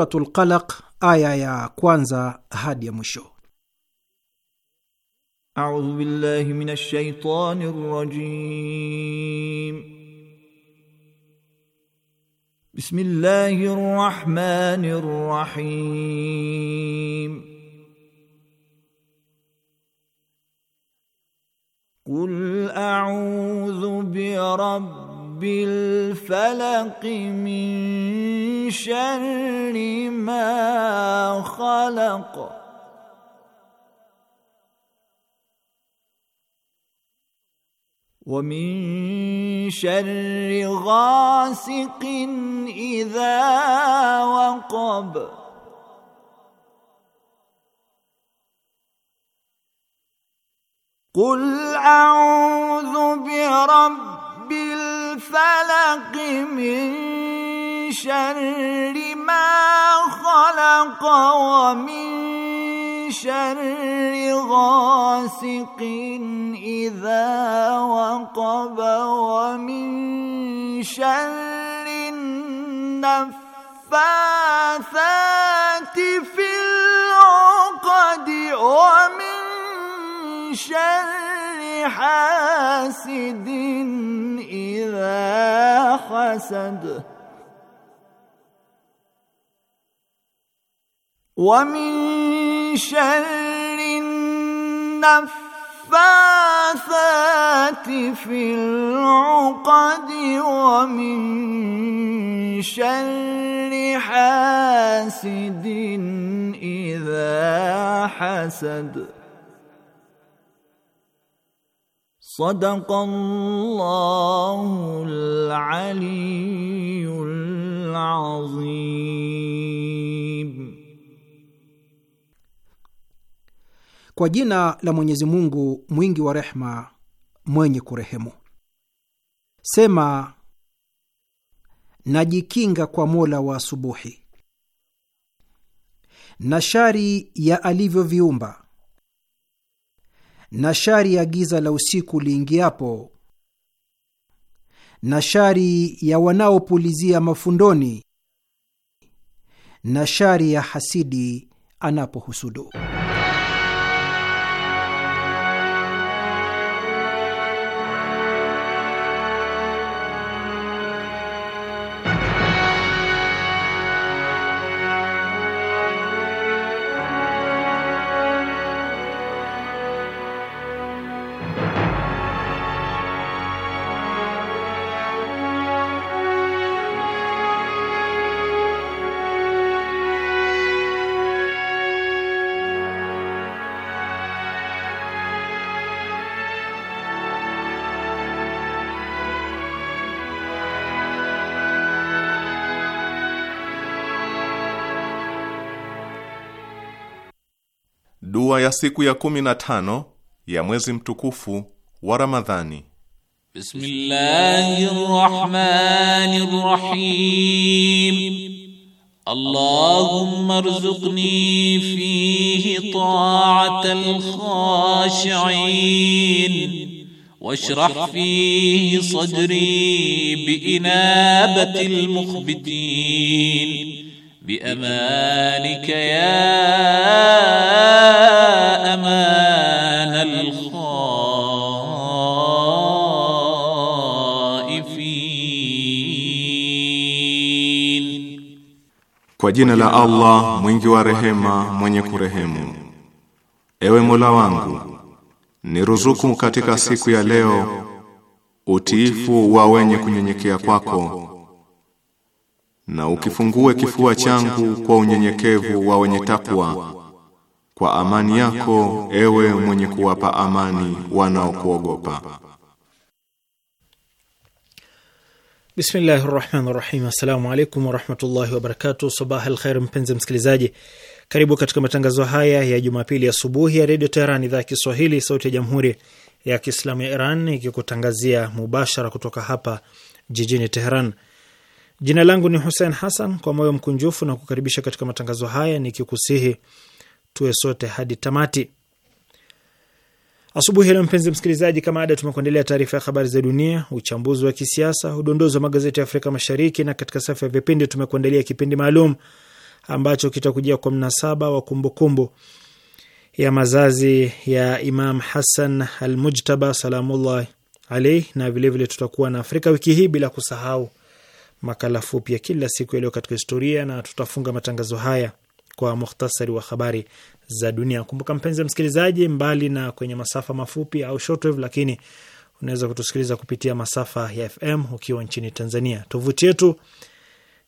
Suratul Qalaq aya ya kwanza hadi ya mwisho. A'udhu billahi minash shaitani rrajim. Bismillahir rahmanir rahim. Qul a'udhu bi rabbil رب الفلق من شر ما خلق ومن شر غاسق إذا وقب قل أعوذ برب بالفلق من شر ما خلق ومن شر غاسق إذا وقب ومن شر النفاثات في العقد ومن شر حاسد حسد ومن شر النفاثات في العقد ومن شر حاسد إذا حسد صدق الله العلي العظيم. Kwa jina la Mwenyezi Mungu mwingi wa rehema mwenye kurehemu. Sema, najikinga kwa Mola wa asubuhi na shari ya alivyoviumba na shari ya giza la usiku liingiapo, na shari ya wanaopulizia mafundoni, na shari ya hasidi anapohusudu. siku ya kumi na tano ya mwezi mtukufu wa Ramadhani. Bismillahirrahmanirrahim. Allahumma rzuqni fihi ta'atal khashi'in واشرح فيه صدري بإنابة المخبتين بأمانك يا ana الخائفين. kwa jina la Allah mwingi wa rehema mwenye kurehemu. Ewe Mola wangu, niruzuku katika siku ya leo utiifu wa wenye kunyenyekea kwako na ukifungue kifua changu kwa unyenyekevu wa wenye takwa kwa amani yako ewe mwenye kuwapa amani wanaokuogopa. Bismillahi rahmani rahim. Assalamu alaikum warahmatullahi wabarakatu. Sabah al khair, mpenzi msikilizaji, karibu katika matangazo haya ya Jumapili asubuhi ya Redio Teheran, idhaa ya Kiswahili, sauti ya Jamhuri ya Kiislamu ya Iran, ikikutangazia mubashara kutoka hapa jijini Teheran. Jina langu ni Hussein Hassan, kwa moyo mkunjufu na kukaribisha katika matangazo haya nikikusihi tuwe sote hadi tamati. Asubuhi leo mpenzi msikilizaji, kama ada, tumekuendelea taarifa ya habari za dunia, uchambuzi wa kisiasa, udondozi wa magazeti ya Afrika Mashariki, na katika safu ya vipindi tumekuandalia kipindi maalum ambacho kitakujia kwa mnasaba wa kumbukumbu ya mazazi ya Imam Hassan al Mujtaba salamullah alaih, na vilevile tutakuwa na Afrika wiki hii, bila kusahau makala fupi ya kila siku yaliyo katika historia, na tutafunga matangazo haya kwa muhtasari wa habari za dunia. Kumbuka mpenzi msikilizaji, mbali na kwenye masafa mafupi au shortwave, lakini unaweza kutusikiliza kupitia masafa ya FM ukiwa nchini Tanzania. Tovuti yetu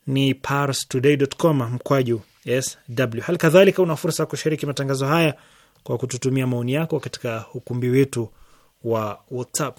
ni parstoday.com mkwaju sw. Hali kadhalika una fursa ya kushiriki matangazo haya kwa kututumia maoni yako katika ukumbi wetu wa WhatsApp.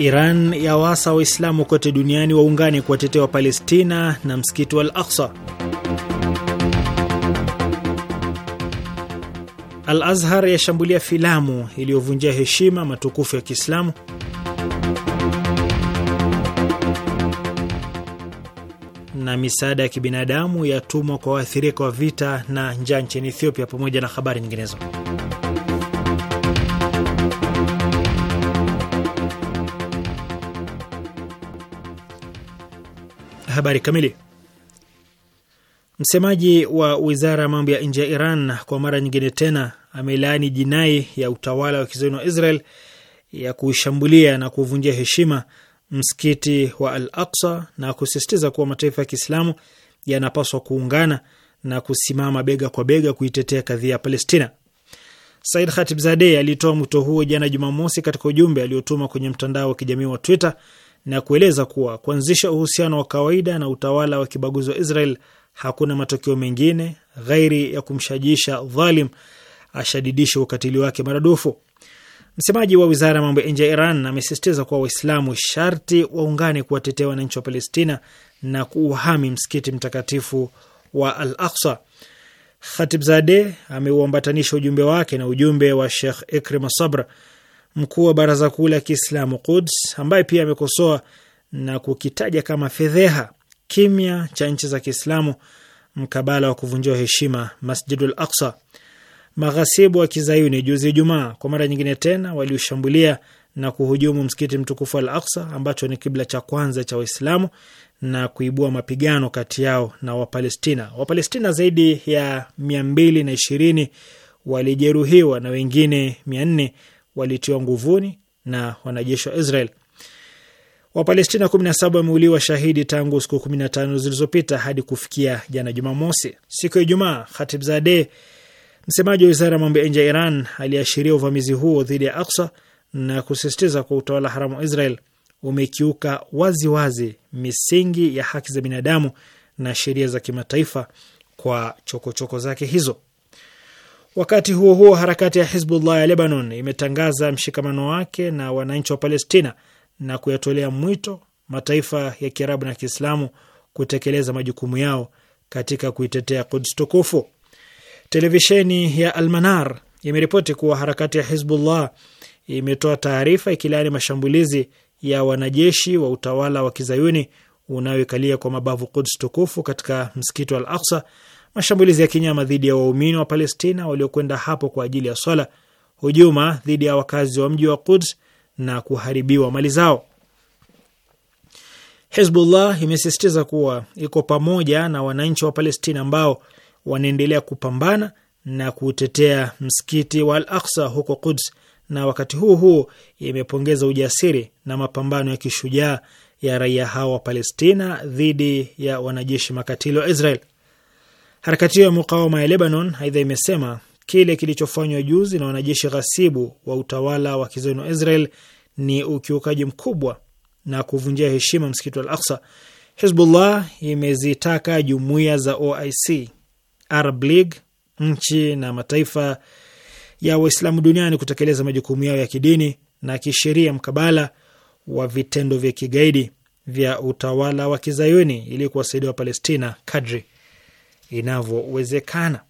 Iran yawasa Waislamu kote duniani waungane kuwatetea wa Palestina na msikiti wa al aksa Al-Azhar yashambulia filamu iliyovunjia heshima matukufu ya Kiislamu. Na misaada ya kibinadamu yatumwa kwa waathirika wa vita na njaa nchini Ethiopia pamoja na habari nyinginezo. Habari kamili. Msemaji wa wizara ya mambo ya nje ya Iran kwa mara nyingine tena amelaani jinai ya utawala wa kizayuni wa Israel ya kuishambulia na kuvunjia heshima msikiti wa Al Aksa na kusisitiza kuwa mataifa ya Kiislamu yanapaswa kuungana na kusimama bega kwa bega kuitetea kadhia ya Palestina. Said Khatibzadeh alitoa mwito huo jana Jumamosi katika ujumbe aliotuma kwenye mtandao wa kijamii wa Twitter na kueleza kuwa kuanzisha uhusiano wa kawaida na utawala wa kibaguzi wa Israel hakuna matokeo mengine ghairi ya kumshajisha dhalim ashadidishe ukatili wake maradufu. Msemaji wa wizara ya mambo ya nje ya Iran amesisitiza kuwa Waislamu sharti waungane kuwatetea wananchi wa Palestina na kuuhami msikiti mtakatifu wa Al Aksa. Khatibzade ameuambatanisha ujumbe wake na ujumbe wa Shekh Ikrima Sabra mkuu wa Baraza Kuu la Kiislamu Quds, ambaye pia amekosoa na kukitaja kama fedheha kimya cha nchi za Kiislamu mkabala wa kuvunjiwa heshima Masjidul Aqsa. Maghasibu wa kizayuni juzi Ijumaa kwa mara nyingine tena waliushambulia na kuhujumu msikiti mtukufu Al Aqsa ambacho ni kibla cha kwanza cha Waislamu na kuibua mapigano kati yao na Wapalestina. Wapalestina zaidi ya mia mbili na ishirini walijeruhiwa na wengine mia nne walitiwa nguvuni na wanajeshi wa Israel. Wapalestina 17 wameuliwa shahidi tangu siku 15 zilizopita hadi kufikia jana Jumamosi. Siku ya Ijumaa, zade msemaji wa wizara ya mambo ya nje ya Iran, aliashiria uvamizi huo dhidi ya Aksa na kusisitiza kwa utawala haramu wa Israel umekiuka waziwazi wazi misingi ya haki za binadamu na sheria za kimataifa kwa chokochoko choko zake hizo. Wakati huo huo, harakati ya Hizbullah ya Lebanon imetangaza mshikamano wake na wananchi wa Palestina na kuyatolea mwito mataifa ya Kiarabu na Kiislamu kutekeleza majukumu yao katika kuitetea kuds tukufu. Televisheni ya Almanar imeripoti kuwa harakati ya Hizbullah imetoa taarifa ikilaani mashambulizi ya wanajeshi wa utawala wa kizayuni unaoikalia kwa mabavu kuds tukufu katika msikiti wa Al Aksa mashambulizi ya kinyama dhidi ya waumini wa Palestina waliokwenda hapo kwa ajili ya swala, hujuma dhidi ya wakazi wa mji wa Quds na kuharibiwa mali zao. Hezbollah imesisitiza kuwa iko pamoja na wananchi wa Palestina ambao wanaendelea kupambana na kutetea msikiti wa Al Aksa huko Quds, na wakati huu huu imepongeza ujasiri na mapambano ya kishujaa ya raia hao wa Palestina dhidi ya wanajeshi makatili wa Israel. Harakati hiyo ya mukawama ya Lebanon aidha imesema kile kilichofanywa juzi na wanajeshi ghasibu wa utawala wa kizayuni wa Israel ni ukiukaji mkubwa na kuvunjia heshima msikiti wa Al Aksa. Hizbullah imezitaka jumuiya za OIC, Arab League, nchi na mataifa ya Waislamu duniani kutekeleza majukumu yao ya kidini na kisheria mkabala wa vitendo vya kigaidi vya utawala wa kizayuni ili kuwasaidia Wapalestina kadri inavyowezekana.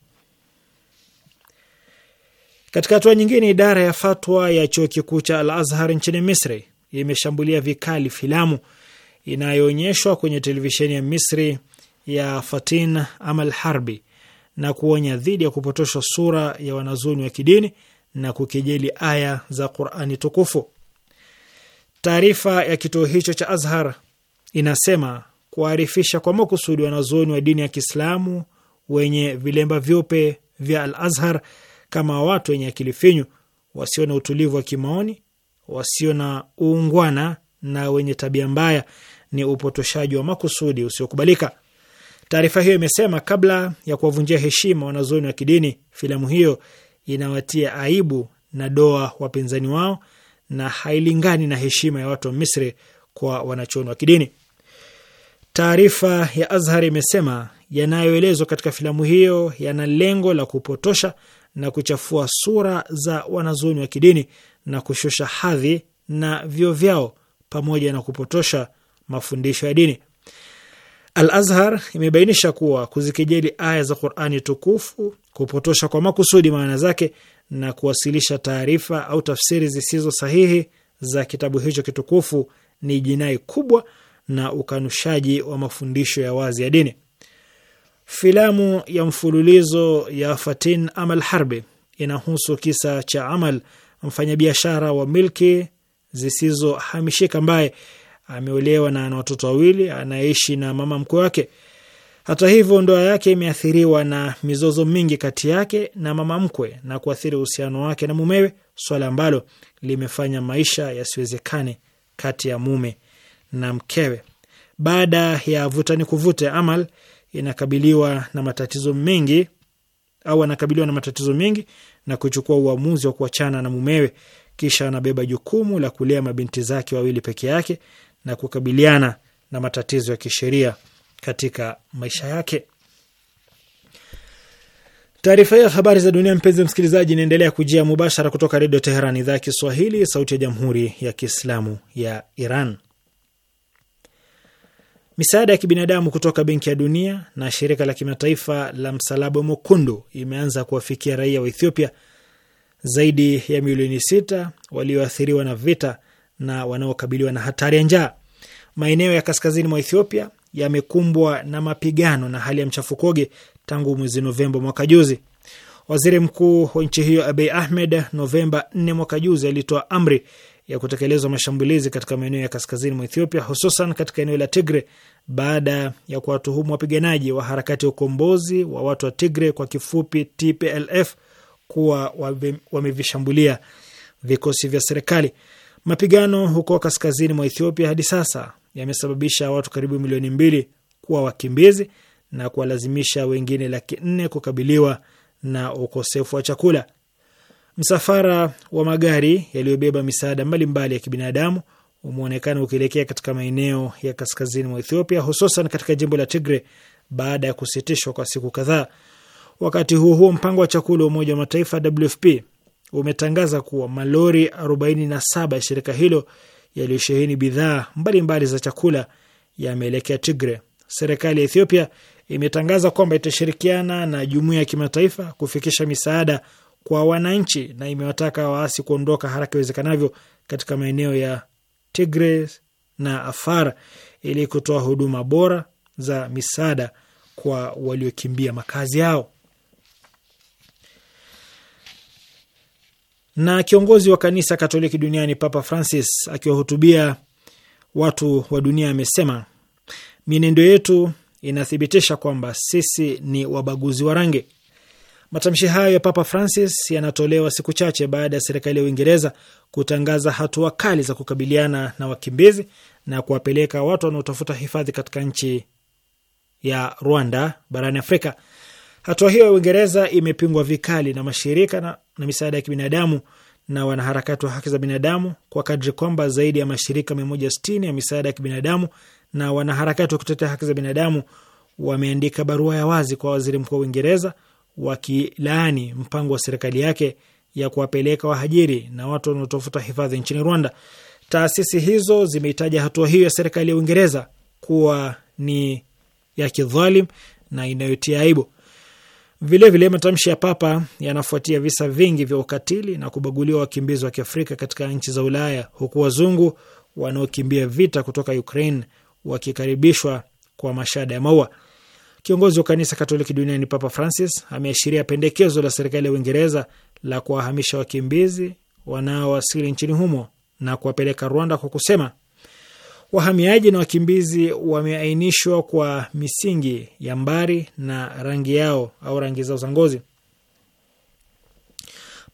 Katika hatua nyingine, idara ya fatwa ya chuo kikuu cha Al Azhar nchini Misri imeshambulia vikali filamu inayoonyeshwa kwenye televisheni ya Misri ya Fatin Amal Harbi na kuonya dhidi ya kupotoshwa sura ya wanazuoni wa kidini na kukejeli aya za Qurani tukufu. Taarifa ya kituo hicho cha Azhar inasema kuarifisha kwa makusudi wanazuoni wa dini ya Kiislamu wenye vilemba vyupe vya Al Azhar kama watu wenye akili finyu, wasio na utulivu wa kimaoni, wasio na uungwana na wenye tabia mbaya ni upotoshaji wa makusudi usiokubalika. Taarifa hiyo imesema kabla ya kuwavunjia heshima wanazuoni wa kidini, filamu hiyo inawatia aibu na doa wapinzani wao na hailingani na heshima ya watu wa Misri kwa wanachuoni wa kidini. Taarifa ya Azhar imesema yanayoelezwa katika filamu hiyo yana lengo la kupotosha na kuchafua sura za wanazuoni wa kidini na kushusha hadhi na vyo vyao pamoja na kupotosha mafundisho ya dini. Al Azhar imebainisha kuwa kuzikejeli aya za Qurani tukufu, kupotosha kwa makusudi maana zake na kuwasilisha taarifa au tafsiri zisizo sahihi za kitabu hicho kitukufu ni jinai kubwa na ukanushaji wa mafundisho ya wazi ya dini. Filamu ya mfululizo ya Fatin Amal Harbi inahusu kisa cha Amal, mfanyabiashara wa milki zisizohamishika ambaye ameolewa na ana watoto wawili, anaishi na mama mkwe wake. Hata hivyo, ndoa yake imeathiriwa na mizozo mingi kati yake na mama mkwe na kuathiri uhusiano wake na mumewe, swala ambalo limefanya maisha yasiwezekane kati ya mume na mkewe. Baada ya vutani kuvute, Amal inakabiliwa na matatizo mengi au anakabiliwa na matatizo mengi na kuchukua uamuzi wa kuachana na mumewe. Kisha anabeba jukumu la kulea mabinti zake wawili peke yake na kukabiliana na matatizo ya kisheria katika maisha yake. Taarifa hiyo ya habari za dunia, mpenzi msikilizaji, inaendelea kujia mubashara kutoka Redio Teheran, idhaa ya Kiswahili, sauti ya Jamhuri ya Kiislamu ya Iran. Misaada ya kibinadamu kutoka Benki ya Dunia na shirika la kimataifa la Msalaba Mwekundu imeanza kuwafikia raia wa Ethiopia zaidi ya milioni sita walioathiriwa na vita na wanaokabiliwa na hatari ya njaa. Maeneo ya kaskazini mwa Ethiopia yamekumbwa na mapigano na hali ya mchafukoge tangu mwezi Novemba mwaka juzi. Waziri mkuu wa nchi hiyo Abiy Ahmed Novemba 4 mwaka juzi alitoa amri ya kutekelezwa mashambulizi katika maeneo ya kaskazini mwa Ethiopia, hususan katika eneo la Tigre baada ya kuwatuhumu wapiganaji wa harakati ya ukombozi wa watu wa Tigre kwa kifupi TPLF kuwa wamevishambulia vikosi vya serikali. Mapigano huko kaskazini mwa Ethiopia hadi sasa yamesababisha watu karibu milioni mbili kuwa wakimbizi na kuwalazimisha wengine laki nne kukabiliwa na ukosefu wa chakula. Msafara wa magari yaliyobeba misaada mbalimbali ya kibinadamu umeonekana ukielekea katika maeneo ya kaskazini mwa Ethiopia, hususan katika jimbo la Tigre baada ya kusitishwa kwa siku kadhaa. Wakati huo huo, mpango wa chakula wa Umoja wa Mataifa WFP umetangaza kuwa malori 47 ya shirika hilo yaliyosheheni bidhaa mbalimbali za chakula yameelekea Tigre. Serikali ya Ethiopia imetangaza kwamba itashirikiana na jumuiya ya kimataifa kufikisha misaada kwa wananchi na imewataka waasi kuondoka haraka iwezekanavyo katika maeneo ya tigre na Afar ili kutoa huduma bora za misaada kwa waliokimbia makazi yao. Na kiongozi wa kanisa Katoliki duniani Papa Francis akiwahutubia watu wa dunia amesema mienendo yetu inathibitisha kwamba sisi ni wabaguzi wa rangi. Matamshi hayo ya Papa Francis yanatolewa siku chache baada ya serikali ya Uingereza kutangaza hatua kali za kukabiliana na wakimbizi na kuwapeleka watu wanaotafuta hifadhi katika nchi ya Rwanda barani Afrika. Hatua hiyo ya Uingereza imepingwa vikali na mashirika na, na misaada ya kibinadamu na wanaharakati wa haki za binadamu kwa kadri kwamba zaidi ya mashirika 160 ya misaada ya kibinadamu na wanaharakati wa kutetea haki za binadamu wameandika barua ya wazi kwa waziri mkuu wa Uingereza wakilaani mpango wa serikali yake ya kuwapeleka wahajiri na watu wanaotafuta hifadhi nchini Rwanda. Taasisi hizo zimeitaja hatua hiyo ya serikali ya Uingereza kuwa ni ya kidhalim na inayotia aibu. Vilevile, matamshi ya Papa yanafuatia visa vingi vya ukatili na kubaguliwa wakimbizi wa kiafrika katika nchi za Ulaya, huku wazungu wanaokimbia vita kutoka Ukraine wakikaribishwa kwa mashada ya maua. Kiongozi wa kanisa Katoliki duniani Papa Francis ameashiria pendekezo la serikali ya Uingereza la kuwahamisha wakimbizi wanaowasili nchini humo na kuwapeleka Rwanda kwa kusema wahamiaji na wakimbizi wameainishwa kwa misingi ya mbari na rangi yao au rangi zao za ngozi.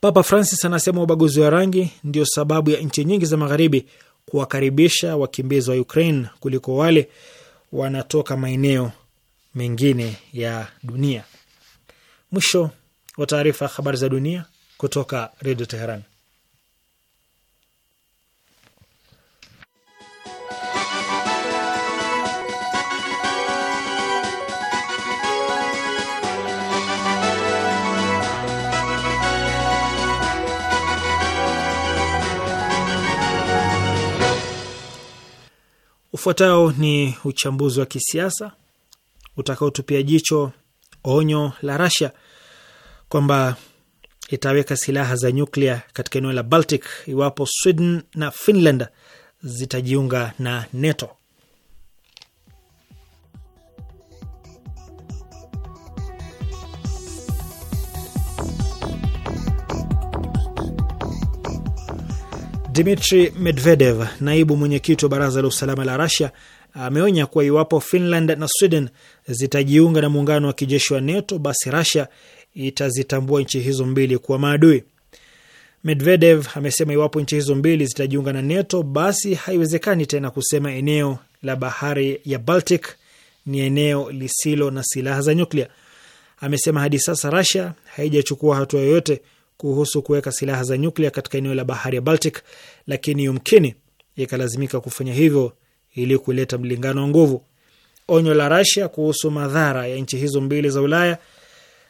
Papa Francis anasema ubaguzi wa rangi ndio sababu ya nchi nyingi za magharibi kuwakaribisha wakimbizi wa Ukraine kuliko wale wanatoka maeneo mengine ya dunia. Mwisho wa taarifa ya habari za dunia kutoka Redio Teheran. Ufuatao ni uchambuzi wa kisiasa utakaotupia jicho onyo la Rasia kwamba itaweka silaha za nyuklia katika eneo la Baltic iwapo Sweden na Finland zitajiunga na NATO. Dmitri Medvedev, naibu mwenyekiti wa baraza la usalama la Rasia, ameonya kuwa iwapo Finland na Sweden zitajiunga na muungano wa kijeshi wa NATO, basi Russia itazitambua nchi hizo mbili kuwa maadui. Medvedev amesema iwapo nchi hizo mbili zitajiunga na NATO, basi haiwezekani tena kusema eneo la bahari ya Baltic ni eneo lisilo na silaha za nyuklia. Amesema hadi sasa Russia haijachukua hatua yoyote kuhusu kuweka silaha za nyuklia katika eneo la bahari ya Baltic, lakini yumkini ikalazimika kufanya hivyo ili kuleta mlingano wa nguvu. Onyo la Rasia kuhusu madhara ya nchi hizo mbili za Ulaya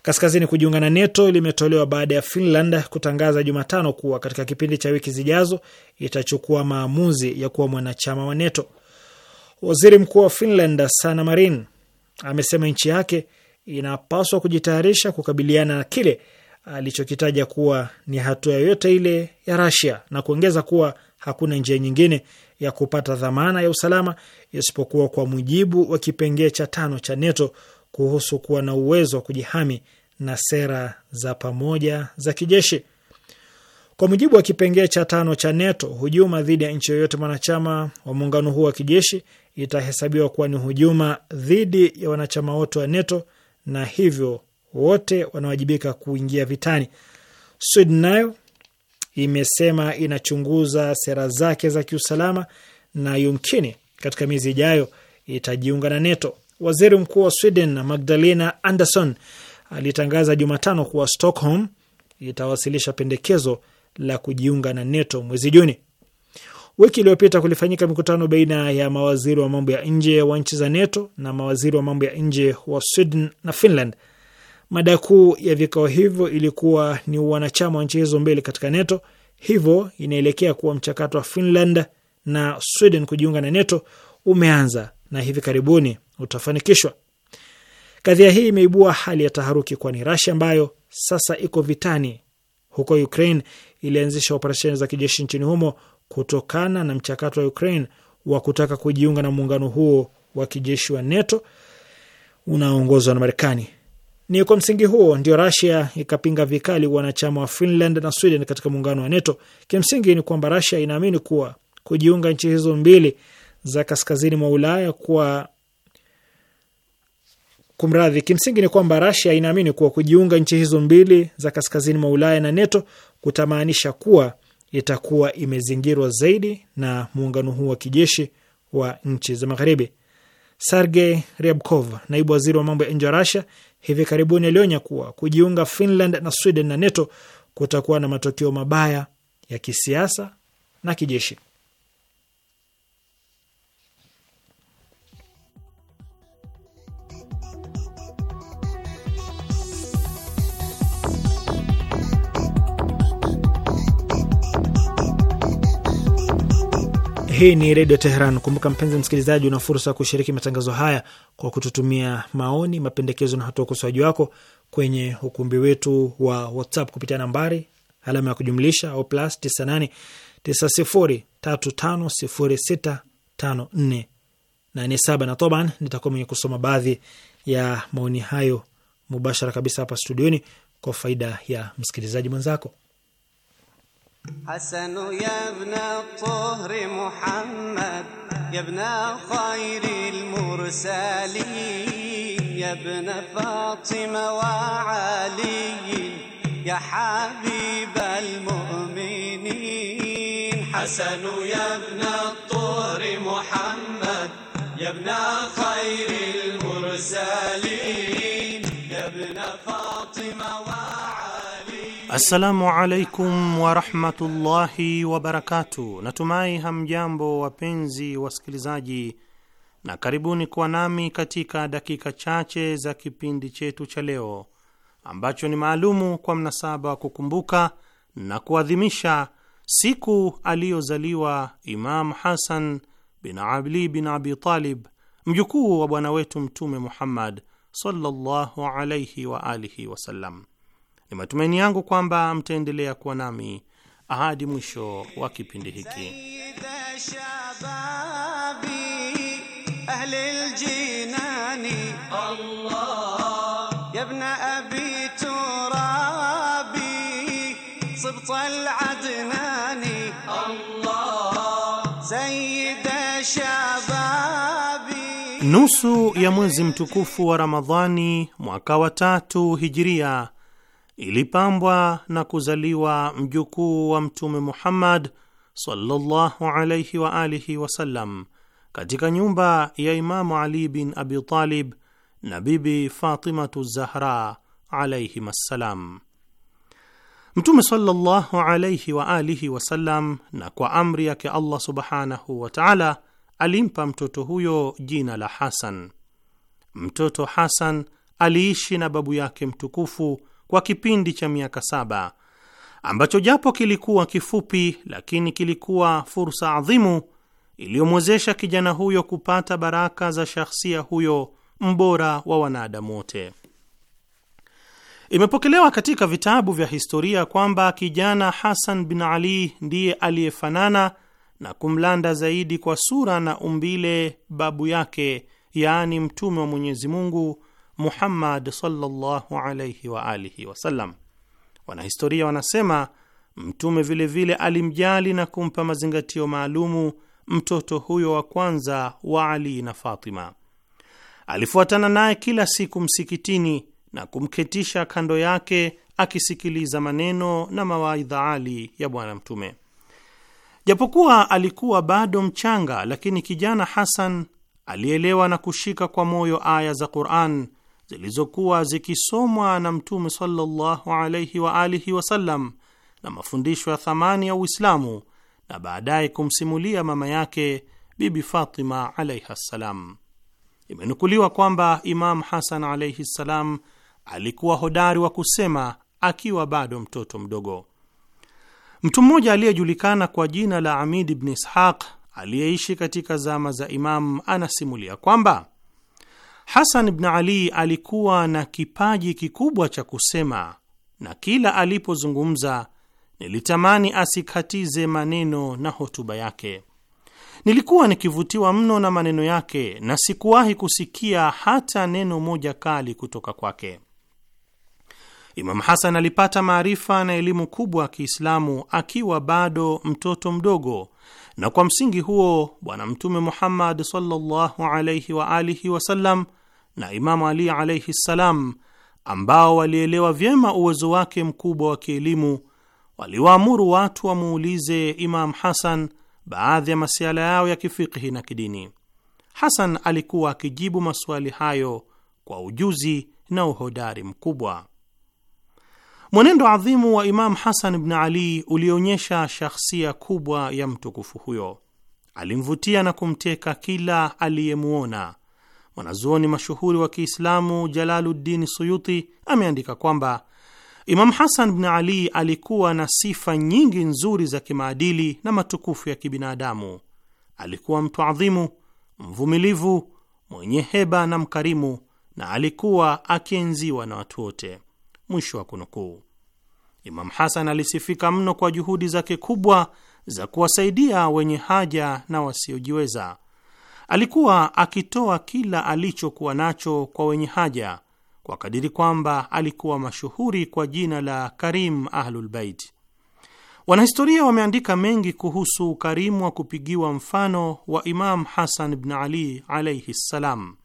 kaskazini kujiunga na NATO limetolewa baada ya Finland kutangaza Jumatano kuwa katika kipindi cha wiki zijazo itachukua maamuzi ya kuwa mwanachama wa NATO. Waziri mkuu wa Finland Sanna Marin amesema nchi yake inapaswa kujitayarisha kukabiliana na kile alichokitaja kuwa ni hatua yoyote ile ya Rasia na kuongeza kuwa hakuna njia nyingine ya kupata dhamana ya usalama isipokuwa kwa mujibu wa kipengee cha tano cha NATO kuhusu kuwa na uwezo wa kujihami na sera za pamoja za kijeshi. Kwa mujibu wa kipengee cha tano cha NATO, hujuma dhidi ya nchi yoyote mwanachama wa muungano huu wa kijeshi itahesabiwa kuwa ni hujuma dhidi ya wanachama wote wa NATO na hivyo wote wanawajibika kuingia vitani. Sweden nayo imesema inachunguza sera zake za kiusalama na yumkini katika miezi ijayo itajiunga na NATO. Waziri mkuu wa Sweden Magdalena Andersson alitangaza Jumatano kuwa Stockholm itawasilisha pendekezo la kujiunga na NATO mwezi Juni. Wiki iliyopita kulifanyika mikutano baina ya mawaziri wa mambo ya nje wa nchi za NATO na mawaziri wa mambo ya nje wa Sweden na Finland Mada kuu ya vikao hivyo ilikuwa ni wanachama wa nchi hizo mbili katika NATO, hivyo inaelekea kuwa mchakato wa Finland na Sweden kujiunga na NATO umeanza na hivi karibuni utafanikishwa. Kadhia hii imeibua hali ya taharuki, kwani Rasia ambayo sasa iko vitani huko Ukraine ilianzisha operesheni za kijeshi nchini humo kutokana na mchakato wa Ukraine wa kutaka kujiunga na muungano huo wa kijeshi wa NATO unaoongozwa na Marekani. Ni kwa msingi huo ndio Rasia ikapinga vikali wanachama wa Finland na Sweden katika muungano wa NATO. Kimsingi ni kwamba Rasia inaamini kuwa kujiunga nchi hizo mbili za kaskazini mwa Ulaya kwa kumradhi, kimsingi ni kwamba Rasia inaamini kuwa kujiunga nchi hizo mbili za kaskazini mwa Ulaya na NATO kutamaanisha kuwa itakuwa imezingirwa zaidi na muungano huu wa kijeshi wa nchi za Magharibi. Sergey Ryabkov, naibu waziri wa mambo ya nje wa Rasia, hivi karibuni alionya kuwa kujiunga Finland na Sweden na NATO kutakuwa na matokeo mabaya ya kisiasa na kijeshi. Hii ni Redio Teheran. Kumbuka mpenzi msikilizaji, una fursa ya kushiriki matangazo haya kwa kututumia maoni, mapendekezo na hata ukosoaji wako kwenye ukumbi wetu wa WhatsApp kupitia nambari alama ya kujumlisha au plus 98 na toban nitakuwa mwenye kusoma baadhi ya maoni hayo mubashara kabisa hapa studioni kwa faida ya msikilizaji mwenzako. حسن يا ابن الطهر محمد يا ابن خير المرسلين يا ابن فاطمة وعلي يا حبيب المؤمنين حسن يا ابن الطهر محمد يا ابن خير المرسلين Assalamu alaikum warahmatullahi wabarakatuh Natumai hamjambo wapenzi wasikilizaji, na karibuni kuwa nami katika dakika chache za kipindi chetu cha leo ambacho ni maalumu kwa mnasaba wa kukumbuka na kuadhimisha siku aliyozaliwa Imam Hasan bin Ali bin Abi Talib, mjukuu wa bwana wetu Mtume Muhammad sallallahu alaihi wa alihi wasallam. Ni matumaini yangu kwamba mtaendelea kuwa nami hadi mwisho wa kipindi hiki. Nusu ya mwezi mtukufu wa Ramadhani mwaka wa tatu hijiria ilipambwa na kuzaliwa mjukuu wa Mtume Muhammad sallallahu alayhi wa alihi wasallam katika nyumba ya Imamu Ali bin Abi Talib na Bibi Fatimatu Zahra alayhim assalam. Mtume sallallahu alayhi wa alihi wasallam, na kwa amri yake Allah subhanahu wa ta'ala, alimpa mtoto huyo jina la Hasan. Mtoto Hasan aliishi na babu yake mtukufu kwa kipindi cha miaka saba ambacho japo kilikuwa kifupi, lakini kilikuwa fursa adhimu iliyomwezesha kijana huyo kupata baraka za shahsia huyo mbora wa wanadamu wote. Imepokelewa katika vitabu vya historia kwamba kijana Hasan bin Ali ndiye aliyefanana na kumlanda zaidi kwa sura na umbile babu yake, yaani Mtume wa Mwenyezi Mungu Muhammad sallallahu alayhi wa alihi wasallam. Wanahistoria wanasema Mtume vilevile vile alimjali na kumpa mazingatio maalumu mtoto huyo wa kwanza wa Ali na Fatima. Alifuatana naye kila siku msikitini na kumketisha kando yake akisikiliza maneno na mawaidha ali ya Bwana Mtume. Japokuwa alikuwa bado mchanga, lakini kijana Hasan alielewa na kushika kwa moyo aya za Quran zilizokuwa zikisomwa na Mtume sallallahu alayhi wa alihi wasallam na mafundisho ya thamani ya Uislamu na baadaye kumsimulia mama yake Bibi Fatima alaihi ssalam. Imenukuliwa kwamba Imam Hasan alaihi ssalam alikuwa hodari wa kusema akiwa bado mtoto mdogo. Mtu mmoja aliyejulikana kwa jina la Amid ibn Ishaq aliyeishi katika zama za Imam anasimulia kwamba Hasan bin Ali alikuwa na kipaji kikubwa cha kusema, na kila alipozungumza nilitamani asikatize maneno na hotuba yake. Nilikuwa nikivutiwa mno na maneno yake na sikuwahi kusikia hata neno moja kali kutoka kwake. Imam Hasan alipata maarifa na elimu kubwa ya Kiislamu akiwa bado mtoto mdogo na kwa msingi huo Bwana Mtume Muhammad sallallahu alayhi wa alihi wasallam na Imamu Ali alayhi ssalam, ambao walielewa vyema uwezo wake mkubwa wa kielimu, waliwaamuru watu wamuulize Imam Hasan baadhi ya masuala yao ya kifikhi na kidini. Hasan alikuwa akijibu maswali hayo kwa ujuzi na uhodari mkubwa. Mwenendo adhimu wa Imam Hasan bin Ali ulionyesha shakhsia kubwa ya mtukufu huyo, alimvutia na kumteka kila aliyemwona. Mwanazuoni mashuhuri wa Kiislamu Jalaluddin Suyuti ameandika kwamba Imam Hasan bin Ali alikuwa na sifa nyingi nzuri za kimaadili na matukufu ya kibinadamu. Alikuwa mtu adhimu, mvumilivu, mwenye heba na mkarimu, na alikuwa akienziwa na watu wote. Mwisho wa kunukuu. Imam Hasan alisifika mno kwa juhudi zake kubwa za kuwasaidia wenye haja na wasiojiweza. Alikuwa akitoa kila alichokuwa nacho kwa wenye haja kwa kadiri kwamba alikuwa mashuhuri kwa jina la Karim Ahlulbeit. Wanahistoria wameandika mengi kuhusu ukarimu wa kupigiwa mfano wa Imam Hasan bin Ali alaihi ssalam.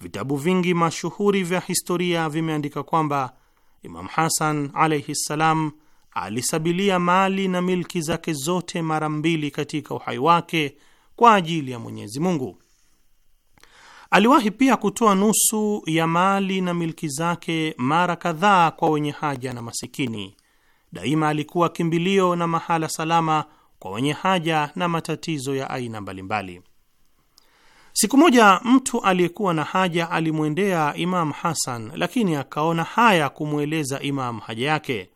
Vitabu vingi mashuhuri vya historia vimeandika kwamba Imam Hasan alaihi ssalam alisabilia mali na milki zake zote mara mbili katika uhai wake kwa ajili ya Mwenyezi Mungu. Aliwahi pia kutoa nusu ya mali na milki zake mara kadhaa kwa wenye haja na masikini. Daima alikuwa kimbilio na mahala salama kwa wenye haja na matatizo ya aina mbalimbali. Siku moja mtu aliyekuwa na haja alimwendea Imamu Hasan, lakini akaona haya kumweleza Imamu haja yake.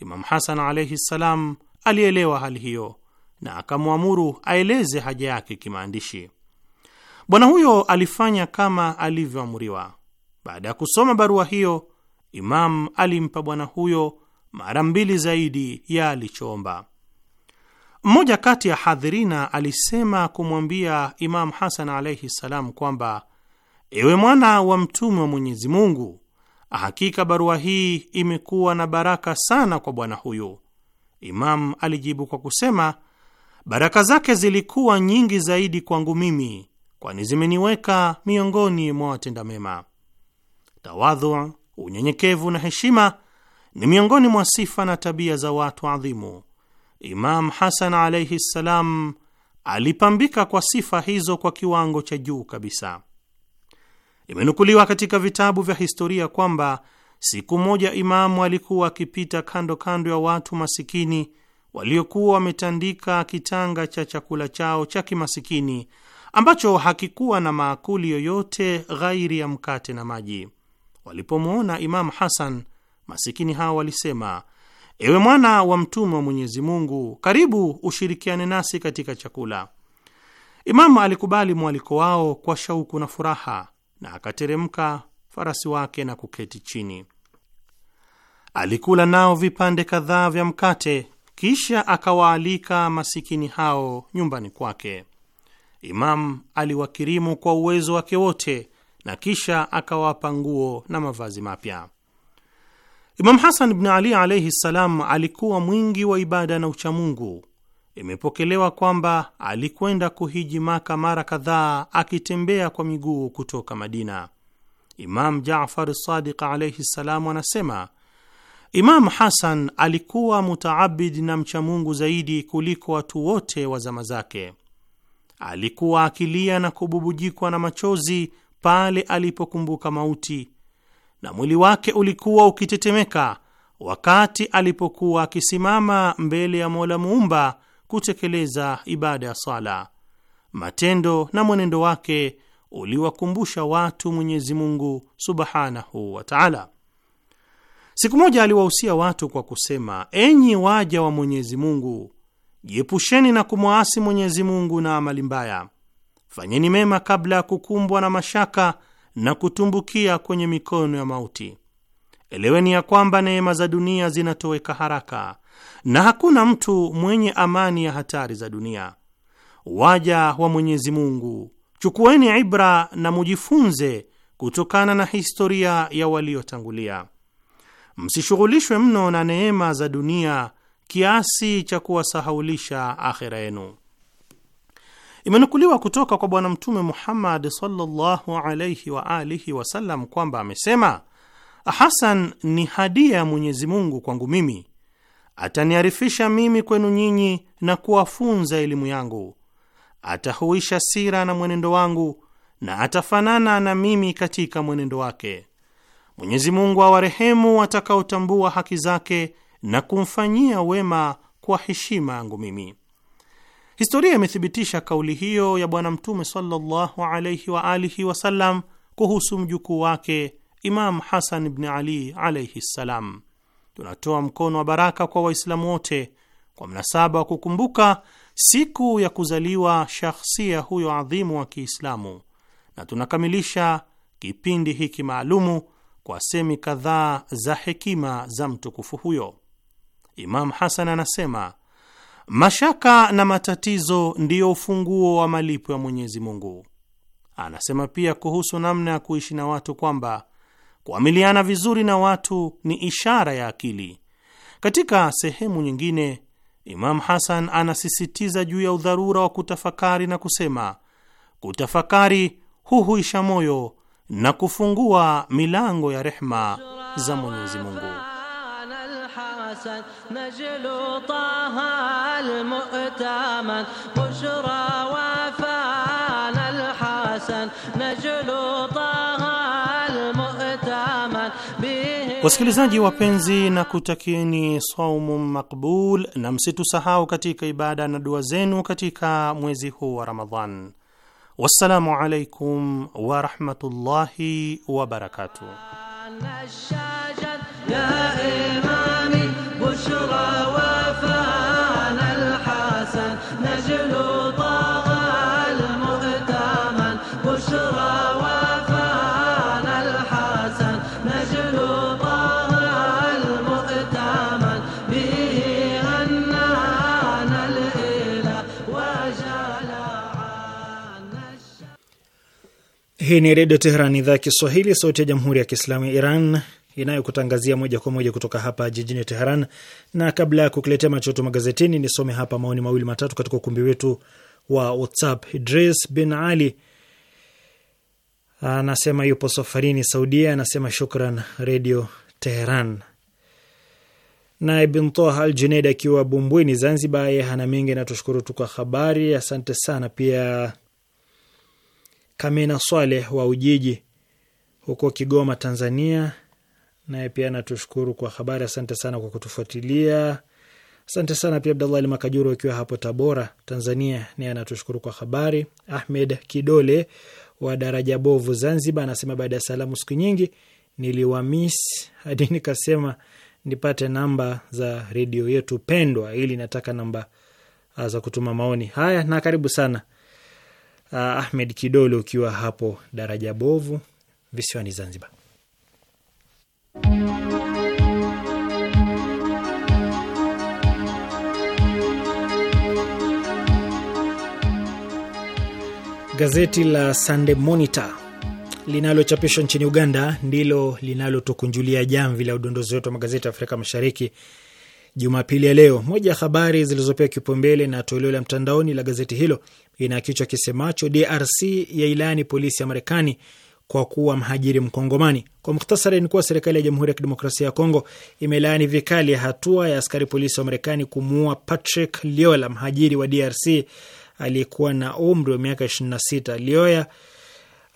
Imamu Hasan alaihi ssalam alielewa hali hiyo na akamwamuru aeleze haja yake kimaandishi. Bwana huyo alifanya kama alivyoamuriwa. Baada ya kusoma barua hiyo, Imamu alimpa bwana huyo mara mbili zaidi ya alichoomba. Mmoja kati ya hadhirina alisema kumwambia Imamu Hasan alaihi ssalam kwamba ewe mwana wa mtume wa Mwenyezi Mungu, hakika barua hii imekuwa na baraka sana kwa bwana huyu. Imamu alijibu kwa kusema, baraka zake zilikuwa nyingi zaidi kwangu mimi, kwani zimeniweka miongoni mwa watenda mema. Tawadhu, unyenyekevu na heshima ni miongoni mwa sifa na tabia za watu adhimu. Imam Hasan alaihi ssalam alipambika kwa sifa hizo kwa kiwango cha juu kabisa. Imenukuliwa katika vitabu vya historia kwamba siku moja Imamu alikuwa akipita kando kando ya watu masikini waliokuwa wametandika kitanga cha chakula chao cha kimasikini ambacho hakikuwa na maakuli yoyote ghairi ya mkate na maji. Walipomwona Imamu Hasan, masikini hao walisema Ewe mwana wa mtume wa Mwenyezi Mungu, karibu ushirikiane nasi katika chakula. Imamu alikubali mwaliko wao kwa shauku na furaha, na akateremka farasi wake na kuketi chini. Alikula nao vipande kadhaa vya mkate, kisha akawaalika masikini hao nyumbani kwake. Imamu aliwakirimu kwa uwezo wake wote, na kisha akawapa nguo na mavazi mapya. Imam Hasan bn Ali alaihi ssalam alikuwa mwingi wa ibada na uchamungu. Imepokelewa kwamba alikwenda kuhiji Maka mara kadhaa akitembea kwa miguu kutoka Madina. Imam Jafar Sadiq alaihi ssalam anasema Imam Hasan alikuwa mutaabid na mchamungu zaidi kuliko watu wote wa zama zake. Alikuwa akilia na kububujikwa na machozi pale alipokumbuka mauti na mwili wake ulikuwa ukitetemeka wakati alipokuwa akisimama mbele ya Mola muumba kutekeleza ibada ya sala. Matendo na mwenendo wake uliwakumbusha watu Mwenyezi Mungu subhanahu wa taala. Siku moja aliwahusia watu kwa kusema, enyi waja wa Mwenyezi Mungu, jiepusheni na kumwasi Mwenyezi Mungu na amali mbaya, fanyeni mema kabla ya kukumbwa na mashaka na kutumbukia kwenye mikono ya mauti. Eleweni ya kwamba neema za dunia zinatoweka haraka na hakuna mtu mwenye amani ya hatari za dunia. Waja wa Mwenyezi Mungu, chukueni ibra na mujifunze kutokana na historia ya waliotangulia. Msishughulishwe mno na neema za dunia kiasi cha kuwasahaulisha akhera yenu. Imenukuliwa kutoka kwa Bwana Mtume Muhammad sallallahu alaihi wa alihi wasallam kwamba amesema, Hasan ni hadia ya Mwenyezi Mungu kwangu mimi, ataniarifisha mimi kwenu nyinyi na kuwafunza elimu yangu, atahuisha sira na mwenendo wangu na atafanana na mimi katika mwenendo wake. Mwenyezi Mungu awarehemu atakaotambua haki zake na kumfanyia wema kwa heshima yangu mimi. Historia imethibitisha kauli hiyo ya Bwana Mtume sallallahu alaihi wa alihi wasallam kuhusu mjukuu wake Imam Hasan bni Ali alaihi ssalam. Tunatoa mkono wa baraka kwa Waislamu wote kwa mnasaba wa kukumbuka siku ya kuzaliwa shakhsia huyo adhimu wa Kiislamu, na tunakamilisha kipindi hiki maalumu kwa semi kadhaa za hekima za mtukufu huyo. Imam Hasan anasema Mashaka na matatizo ndiyo ufunguo wa malipo ya Mwenyezi Mungu. Anasema pia kuhusu namna ya kuishi na watu kwamba kuamiliana vizuri na watu ni ishara ya akili. Katika sehemu nyingine, Imam Hasan anasisitiza juu ya udharura wa kutafakari na kusema, kutafakari huhuisha moyo na kufungua milango ya rehma za Mwenyezi Mungu. الحسن نجل طه المؤتمن بشرى وفان الحسن نجل طه المؤتمن Wasikilizaji wapenzi, na kutakieni saumu makbul, na msitusahau katika ibada na dua zenu katika mwezi huu wa Ramadhan. Wassalamu alaikum warahmatullahi wabarakatuh. Hii ni Redio Teheran, idhaa ya Kiswahili, sauti ya Jamhuri ya Kiislamu ya Iran inayokutangazia moja kwa moja kutoka hapa jijini Teheran. Na kabla ya kukuletea machoto magazetini, nisome hapa maoni mawili matatu katika ukumbi wetu wa WhatsApp. Idris bin Ali anasema yupo safarini Saudia, anasema shukran Redio Teheran. Naye bin al Juneid akiwa Bumbwini Zanzibar, yeye hana mengi, anatushukuru tu kwa habari, asante sana pia Kamena swale wa Ujiji huko Kigoma, Tanzania, naye pia anatushukuru kwa habari. Asante sana kwa kutufuatilia. Asante sana pia Abdallah Ali Makajuru akiwa hapo Tabora, Tanzania, naye anatushukuru kwa habari. Ahmed Kidole wa Daraja Bovu, Zanzibar, anasema baada ya salamu, siku nyingi niliwamis hadi nikasema nipate namba za redio yetu pendwa, ili nataka namba ah, za kutuma maoni haya. Na karibu sana uh, Ahmed Kidole ukiwa hapo daraja bovu visiwani Zanzibar. Gazeti la Sunday Monitor linalochapishwa nchini Uganda ndilo linalotukunjulia jamvi la udondozi wetu wa magazeti ya Afrika Mashariki Jumapili ya leo. Moja ya habari zilizopewa kipaumbele na toleo la mtandaoni la gazeti hilo ina kichwa kisemacho DRC yailaani polisi ya Marekani kwa kuwa mhajiri Mkongomani. Kwa muhtasari, ni kuwa serikali ya Jamhuri ya Kidemokrasia ya Kongo imelaani vikali ya hatua ya askari polisi wa Marekani kumuua Patrick Liola, mhajiri wa DRC aliyekuwa na umri wa miaka 26. Lioya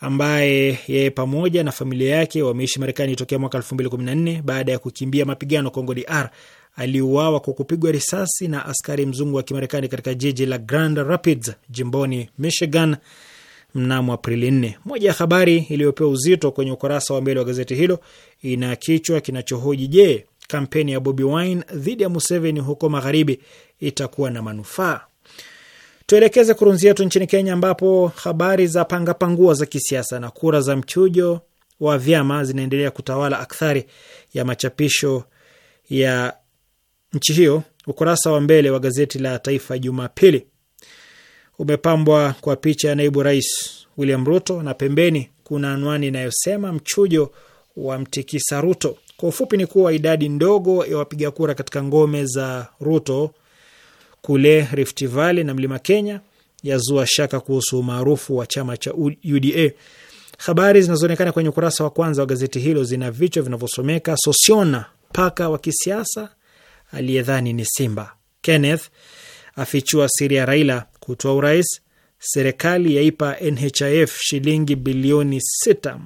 ambaye yeye pamoja na familia yake wameishi Marekani tokea mwaka 2014 baada ya kukimbia mapigano Kongo DR aliuawa kwa kupigwa risasi na askari mzungu wa Kimarekani katika jiji la Grand Rapids jimboni Michigan mnamo Aprili 4. Moja ya habari iliyopewa uzito kwenye ukurasa wa mbele wa gazeti hilo ina kichwa kinachohoji je, kampeni ya Bobi Wine dhidi ya Museveni huko magharibi itakuwa na manufaa? Tuelekeze kurunzi yetu nchini Kenya, ambapo habari za pangapangua za kisiasa na kura za mchujo wa vyama zinaendelea kutawala akthari ya machapisho ya nchi hiyo, ukurasa wa mbele wa gazeti la Taifa Jumapili umepambwa kwa picha ya naibu rais William Ruto na pembeni kuna anwani inayosema mchujo wa mtikisa Ruto. Kwa ufupi ni kuwa idadi ndogo ya wapiga kura katika ngome za Ruto kule Rift Valley na mlima Kenya yazua shaka kuhusu umaarufu wa chama cha UDA. Habari zinazoonekana kwenye ukurasa wa kwanza wa gazeti hilo zina vichwa vinavyosomeka Sosiona, paka wa kisiasa aliyedhani ni simba. Kenneth afichua siri ya Raila kutoa urais. Serikali yaipa NHIF shilingi bilioni sita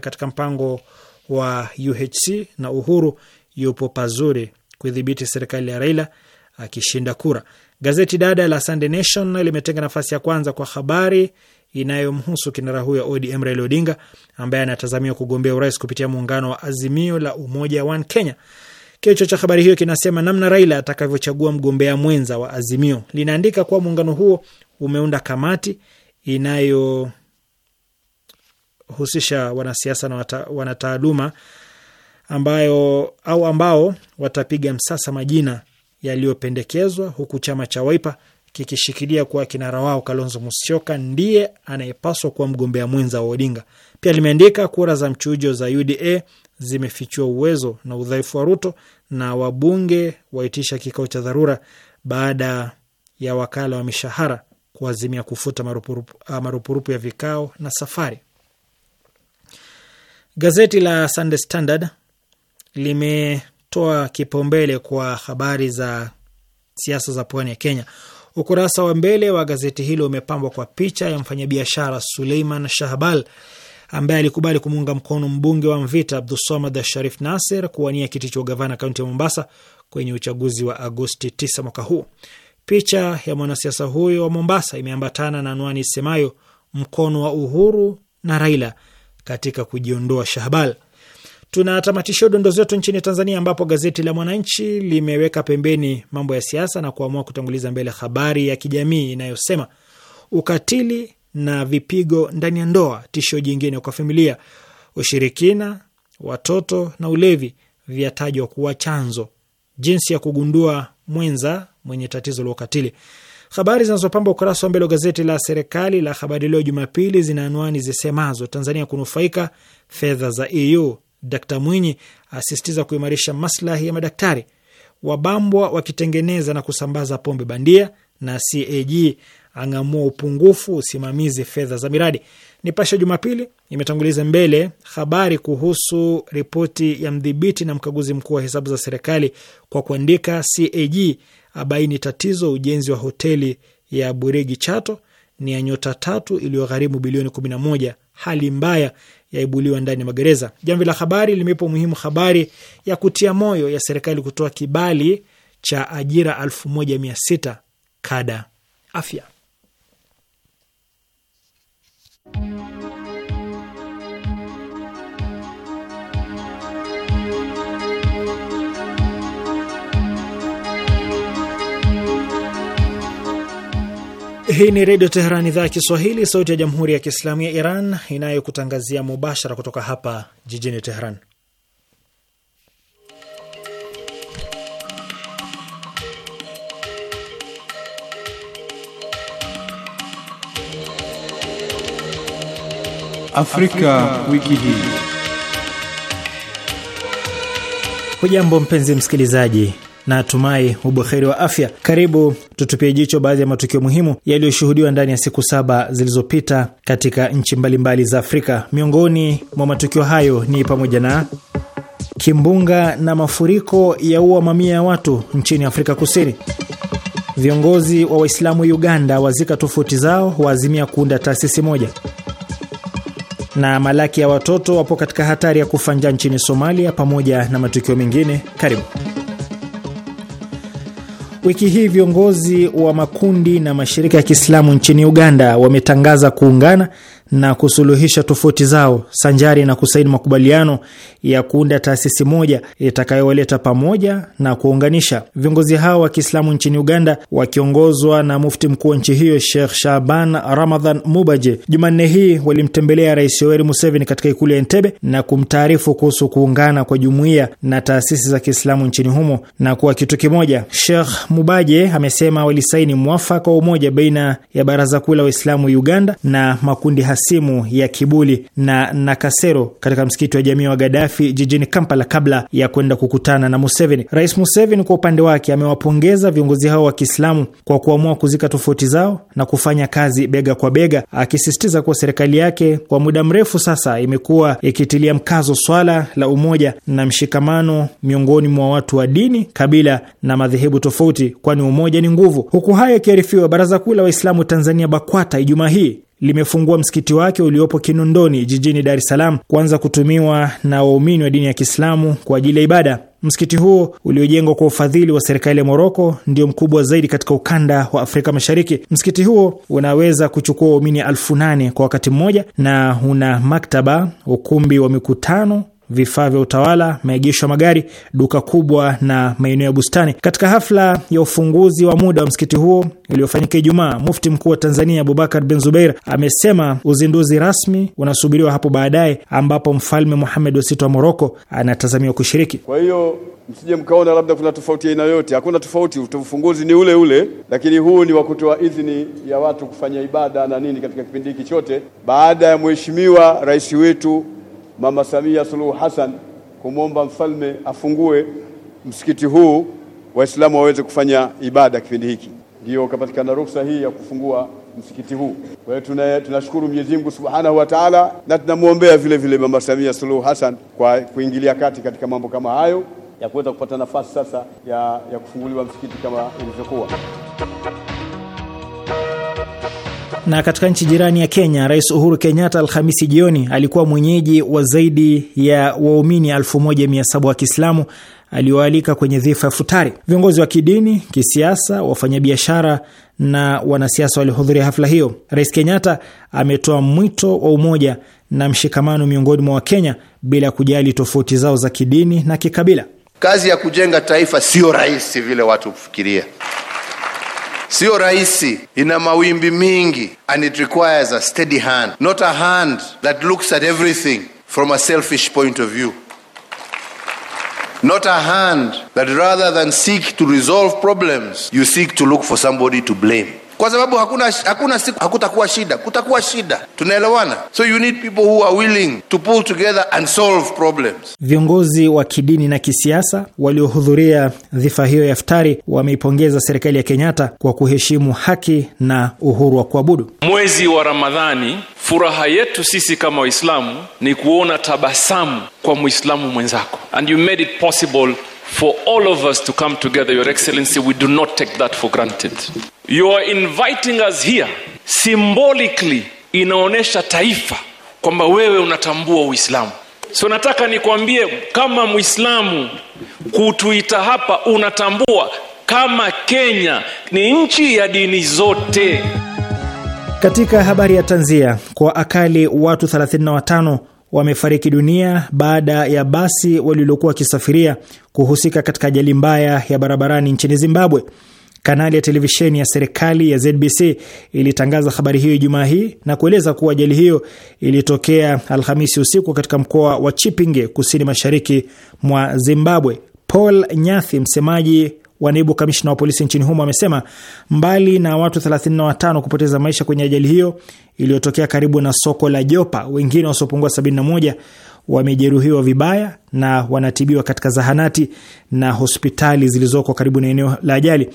katika mpango wa UHC na Uhuru yupo pazuri kuidhibiti serikali ya Raila akishinda kura. Gazeti dada la Sunday Nation limetenga nafasi ya kwanza kwa habari inayomhusu kinara huyo ODM Raila Odinga ambaye anatazamiwa kugombea urais kupitia muungano wa Azimio la Umoja wa Kenya. Kichwa cha habari hiyo kinasema namna Raila atakavyochagua mgombea mwenza wa Azimio. Linaandika kuwa muungano huo umeunda kamati inayohusisha wanasiasa na wata, wanataaluma ambayo au ambao watapiga msasa majina yaliyopendekezwa, huku chama cha Waipa kikishikilia kuwa kinara wao Kalonzo Musyoka ndiye anayepaswa kuwa mgombea mwenza wa Odinga. Pia limeandika kura za mchujo za UDA zimefichua uwezo na udhaifu wa Ruto na wabunge waitisha kikao cha dharura baada ya wakala wa mishahara kuazimia kufuta marupurupu, ah, marupurupu ya vikao na safari. Gazeti la Sunday Standard limetoa kipaumbele kwa habari za siasa za pwani ya Kenya. Ukurasa wa mbele wa gazeti hilo umepambwa kwa picha ya mfanyabiashara Suleiman Shahbal ambaye alikubali kumuunga mkono mbunge wa Mvita Abdussamad Sharif Nasir kuwania kiti cha ugavana kaunti ya Mombasa kwenye uchaguzi wa Agosti 9 mwaka huu. Picha ya mwanasiasa huyo wa Mombasa imeambatana na anwani isemayo mkono wa Uhuru na Raila katika kujiondoa Shahbal. Tunatamatisha udondozi wetu nchini Tanzania, ambapo gazeti la Mwananchi limeweka pembeni mambo ya siasa na kuamua kutanguliza mbele habari ya kijamii inayosema ukatili na vipigo ndani ya ndoa, tishio jingine kwa familia. Ushirikina, watoto na ulevi vyatajwa kuwa chanzo. Jinsi ya kugundua mwenza mwenye tatizo la ukatili. Habari zinazopamba ukurasa wa mbele wa gazeti la serikali la Habari Leo Jumapili zina anwani zisemazo: Tanzania kunufaika fedha za EU, Dkt Mwinyi asisitiza kuimarisha maslahi ya madaktari, wabambwa wakitengeneza na kusambaza pombe bandia, na CAG ang'amua upungufu usimamizi fedha za miradi. Nipashe Jumapili imetanguliza mbele habari kuhusu ripoti ya mdhibiti na mkaguzi mkuu wa hesabu za serikali kwa kuandika, CAG abaini tatizo ujenzi wa hoteli ya Buregi Chato ni ya nyota tatu iliyogharimu bilioni 11, hali mbaya yaibuliwa ndani ya magereza. Jamvi la Habari limepo muhimu habari ya kutia moyo ya serikali kutoa kibali cha ajira 1600 kada afya. Hii ni Redio Teheran, idhaa ya Kiswahili, sauti ya Jamhuri ya Kiislamu ya Iran, inayokutangazia mubashara kutoka hapa jijini Teheran. Afrika wiki hii. Hujambo mpenzi msikilizaji na atumai ubuheri wa afya. Karibu tutupie jicho baadhi ya matukio muhimu yaliyoshuhudiwa ndani ya siku saba zilizopita katika nchi mbalimbali za Afrika. Miongoni mwa matukio hayo ni pamoja na kimbunga na mafuriko yaua mamia ya watu nchini Afrika Kusini, viongozi wa Waislamu Uganda wazika tofauti zao, waazimia kuunda taasisi moja na malaki ya watoto wapo katika hatari ya kufa njaa nchini Somalia, pamoja na matukio mengine. Karibu. Wiki hii viongozi wa makundi na mashirika ya Kiislamu nchini Uganda wametangaza kuungana na kusuluhisha tofauti zao sanjari na kusaini makubaliano ya kuunda taasisi moja itakayowaleta pamoja na kuunganisha Viongozi hao wa Kiislamu nchini Uganda wakiongozwa na mufti mkuu wa nchi hiyo Sheikh Shaban Ramadhan Mubaje, Jumanne hii walimtembelea Rais Yoweri Museveni katika ikulu ya Entebe na kumtaarifu kuhusu kuungana kwa jumuiya na taasisi za Kiislamu nchini humo na kuwa kitu kimoja. Sheikh Mubaje amesema walisaini mwafaka wa umoja baina ya Baraza Kuu la Waislamu Uganda na makundi hasi simu ya Kibuli na Nakasero katika msikiti wa jamii wa gadafi jijini Kampala kabla ya kwenda kukutana na Museveni. Rais Museveni kwa upande wake amewapongeza viongozi hao wa Kiislamu kwa kuamua kuzika tofauti zao na kufanya kazi bega kwa bega, akisisitiza kuwa serikali yake kwa muda mrefu sasa imekuwa ikitilia mkazo swala la umoja na mshikamano miongoni mwa watu wa dini, kabila na madhehebu tofauti, kwani umoja ni nguvu. Huku haya yakiarifiwa, Baraza Kuu la Waislamu Tanzania BAKWATA Ijumaa hii limefungua msikiti wake uliopo Kinondoni jijini Dar es Salaam kuanza kutumiwa na waumini wa dini ya Kiislamu kwa ajili ya ibada. Msikiti huo uliojengwa kwa ufadhili wa serikali ya Moroko ndio mkubwa zaidi katika ukanda wa Afrika Mashariki. Msikiti huo unaweza kuchukua waumini elfu nane kwa wakati mmoja na una maktaba, ukumbi wa mikutano vifaa vya utawala, maegesho ya magari, duka kubwa na maeneo ya bustani. Katika hafla ya ufunguzi wa muda wa msikiti huo iliyofanyika Ijumaa, mufti mkuu wa Tanzania Abubakar bin Zubeir amesema uzinduzi rasmi unasubiriwa hapo baadaye, ambapo mfalme Muhamed wa sita wa Moroko anatazamiwa kushiriki. Kwa hiyo msije mkaona labda kuna tofauti aina yote, hakuna tofauti. Ufunguzi ni ule ule, lakini huu ni wa kutoa idhini ya watu kufanya ibada na nini katika kipindi hiki chote, baada ya mheshimiwa rais wetu Mama Samia Suluhu Hassan kumwomba mfalme afungue msikiti huu, Waislamu waweze kufanya ibada kipindi hiki, ndiyo ukapatikana ruksa hii ya kufungua msikiti huu. Kwa hiyo tunashukuru Mwenyezi Mungu Subhanahu wa Ta'ala, na tunamwombea vile vile Mama Samia Suluhu Hassan kwa kuingilia kati katika mambo kama hayo ya kuweza kupata nafasi sasa ya, ya kufunguliwa msikiti kama ilivyokuwa. Na katika nchi jirani ya Kenya, Rais Uhuru Kenyatta Alhamisi jioni alikuwa mwenyeji wa zaidi ya waumini 1700 wa Kiislamu aliyoalika kwenye dhifa ya futari. Viongozi wa kidini, kisiasa, wafanyabiashara na wanasiasa walihudhuria hafla hiyo. Rais Kenyatta ametoa mwito wa umoja na mshikamano miongoni mwa Wakenya bila kujali tofauti zao za kidini na kikabila. Kazi ya kujenga taifa sio rahisi vile watu kufikiria. siyo rahisi ina mawimbi mingi and it requires a steady hand not a hand that looks at everything from a selfish point of view not a hand that rather than seek to resolve problems you seek to look for somebody to blame kwa sababu hakuna, hakuna siku hakutakuwa shida, kutakuwa shida. Tunaelewana, so you need people who are willing to pull together and solve problems. Viongozi wa kidini na kisiasa waliohudhuria dhifa hiyo ya iftari wameipongeza serikali ya Kenyatta kwa kuheshimu haki na uhuru wa kuabudu. Mwezi wa Ramadhani, furaha yetu sisi kama Waislamu ni kuona tabasamu kwa Muislamu mwenzako, and you made it possible for all of us to come together, Your Excellency. We do not take that for granted. You are inviting us here symbolically, inaonyesha taifa kwamba wewe unatambua Uislamu. So nataka nikwambie kama Muislamu, kutuita hapa unatambua kama Kenya ni nchi ya dini zote. Katika habari ya tanzia, kwa akali watu 35 wamefariki dunia baada ya basi walilokuwa wakisafiria kuhusika katika ajali mbaya ya barabarani nchini Zimbabwe. Kanali ya televisheni ya serikali ya ZBC ilitangaza habari hiyo Ijumaa hii na kueleza kuwa ajali hiyo ilitokea Alhamisi usiku katika mkoa wa Chipinge, kusini mashariki mwa Zimbabwe. Paul Nyathi, msemaji wa naibu kamishna wa polisi nchini humo, amesema mbali na watu 35 kupoteza maisha kwenye ajali hiyo iliyotokea karibu na soko la Jopa, wengine wasiopungua 71 wamejeruhiwa vibaya na wanatibiwa katika zahanati na hospitali zilizoko karibu na eneo la ajali.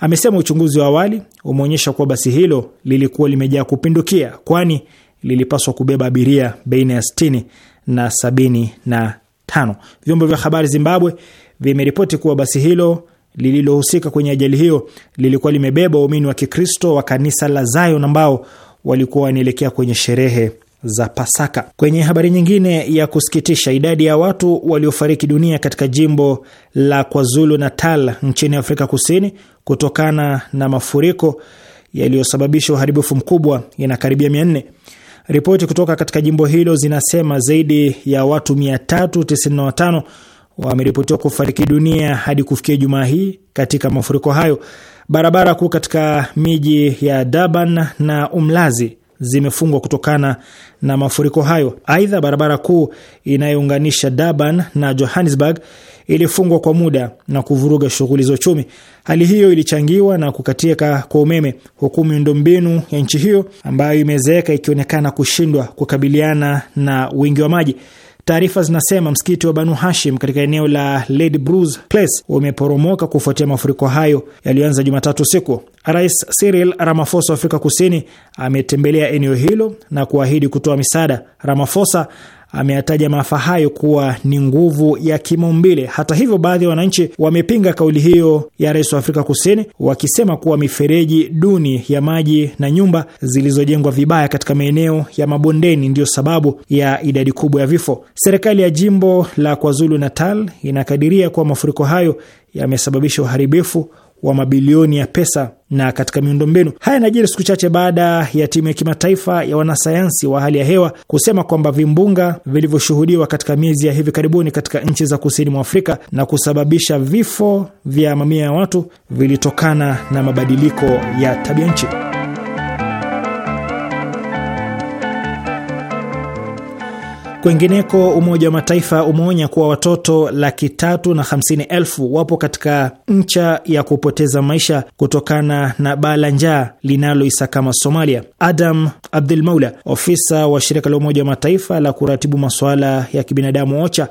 Amesema uchunguzi wa awali umeonyesha kuwa basi hilo lilikuwa limejaa kupindukia, kwani lilipaswa kubeba abiria baina ya 60 na 75. Vyombo vya habari Zimbabwe vimeripoti kuwa basi hilo lililohusika kwenye ajali hiyo lilikuwa limebeba waumini wa Kikristo wa kanisa la Zion ambao walikuwa wanaelekea kwenye sherehe za Pasaka. Kwenye habari nyingine ya kusikitisha, idadi ya watu waliofariki dunia katika jimbo la KwaZulu Natal nchini Afrika Kusini kutokana na mafuriko yaliyosababisha uharibifu mkubwa inakaribia nne. Ripoti kutoka katika jimbo hilo zinasema zaidi ya watu 395 wameripotiwa kufariki dunia hadi kufikia Jumaa hii katika mafuriko hayo. Barabara kuu katika miji ya Durban na Umlazi zimefungwa kutokana na mafuriko hayo. Aidha, barabara kuu inayounganisha Durban na Johannesburg ilifungwa kwa muda na kuvuruga shughuli za uchumi. Hali hiyo ilichangiwa na kukatika kwa umeme, huku miundombinu ya nchi hiyo ambayo imezeeka ikionekana kushindwa kukabiliana na wingi wa maji. Taarifa zinasema msikiti wa Banu Hashim katika eneo la Lady Bruce Place umeporomoka kufuatia mafuriko hayo yaliyoanza Jumatatu usiku. Rais Cyril Ramaphosa wa Afrika Kusini ametembelea eneo hilo na kuahidi kutoa misaada. Ramaphosa ameyataja maafa hayo kuwa ni nguvu ya kimaumbile. Hata hivyo, baadhi ya wananchi wamepinga kauli hiyo ya rais wa Afrika Kusini, wakisema kuwa mifereji duni ya maji na nyumba zilizojengwa vibaya katika maeneo ya mabondeni ndiyo sababu ya idadi kubwa ya vifo. Serikali ya jimbo la KwaZulu Natal inakadiria kuwa mafuriko hayo yamesababisha uharibifu wa mabilioni ya pesa na katika miundombinu. Haya yanajiri siku chache baada ya timu ya kimataifa ya wanasayansi wa hali ya hewa kusema kwamba vimbunga vilivyoshuhudiwa katika miezi ya hivi karibuni katika nchi za kusini mwa Afrika na kusababisha vifo vya mamia ya watu vilitokana na mabadiliko ya tabia nchi. Kwengineko, Umoja wa Mataifa umeonya kuwa watoto laki tatu na hamsini elfu wapo katika ncha ya kupoteza maisha kutokana na baa la njaa linaloisakama Somalia. Adam Abdul Maula, ofisa wa shirika la Umoja wa Mataifa la kuratibu masuala ya kibinadamu OCHA,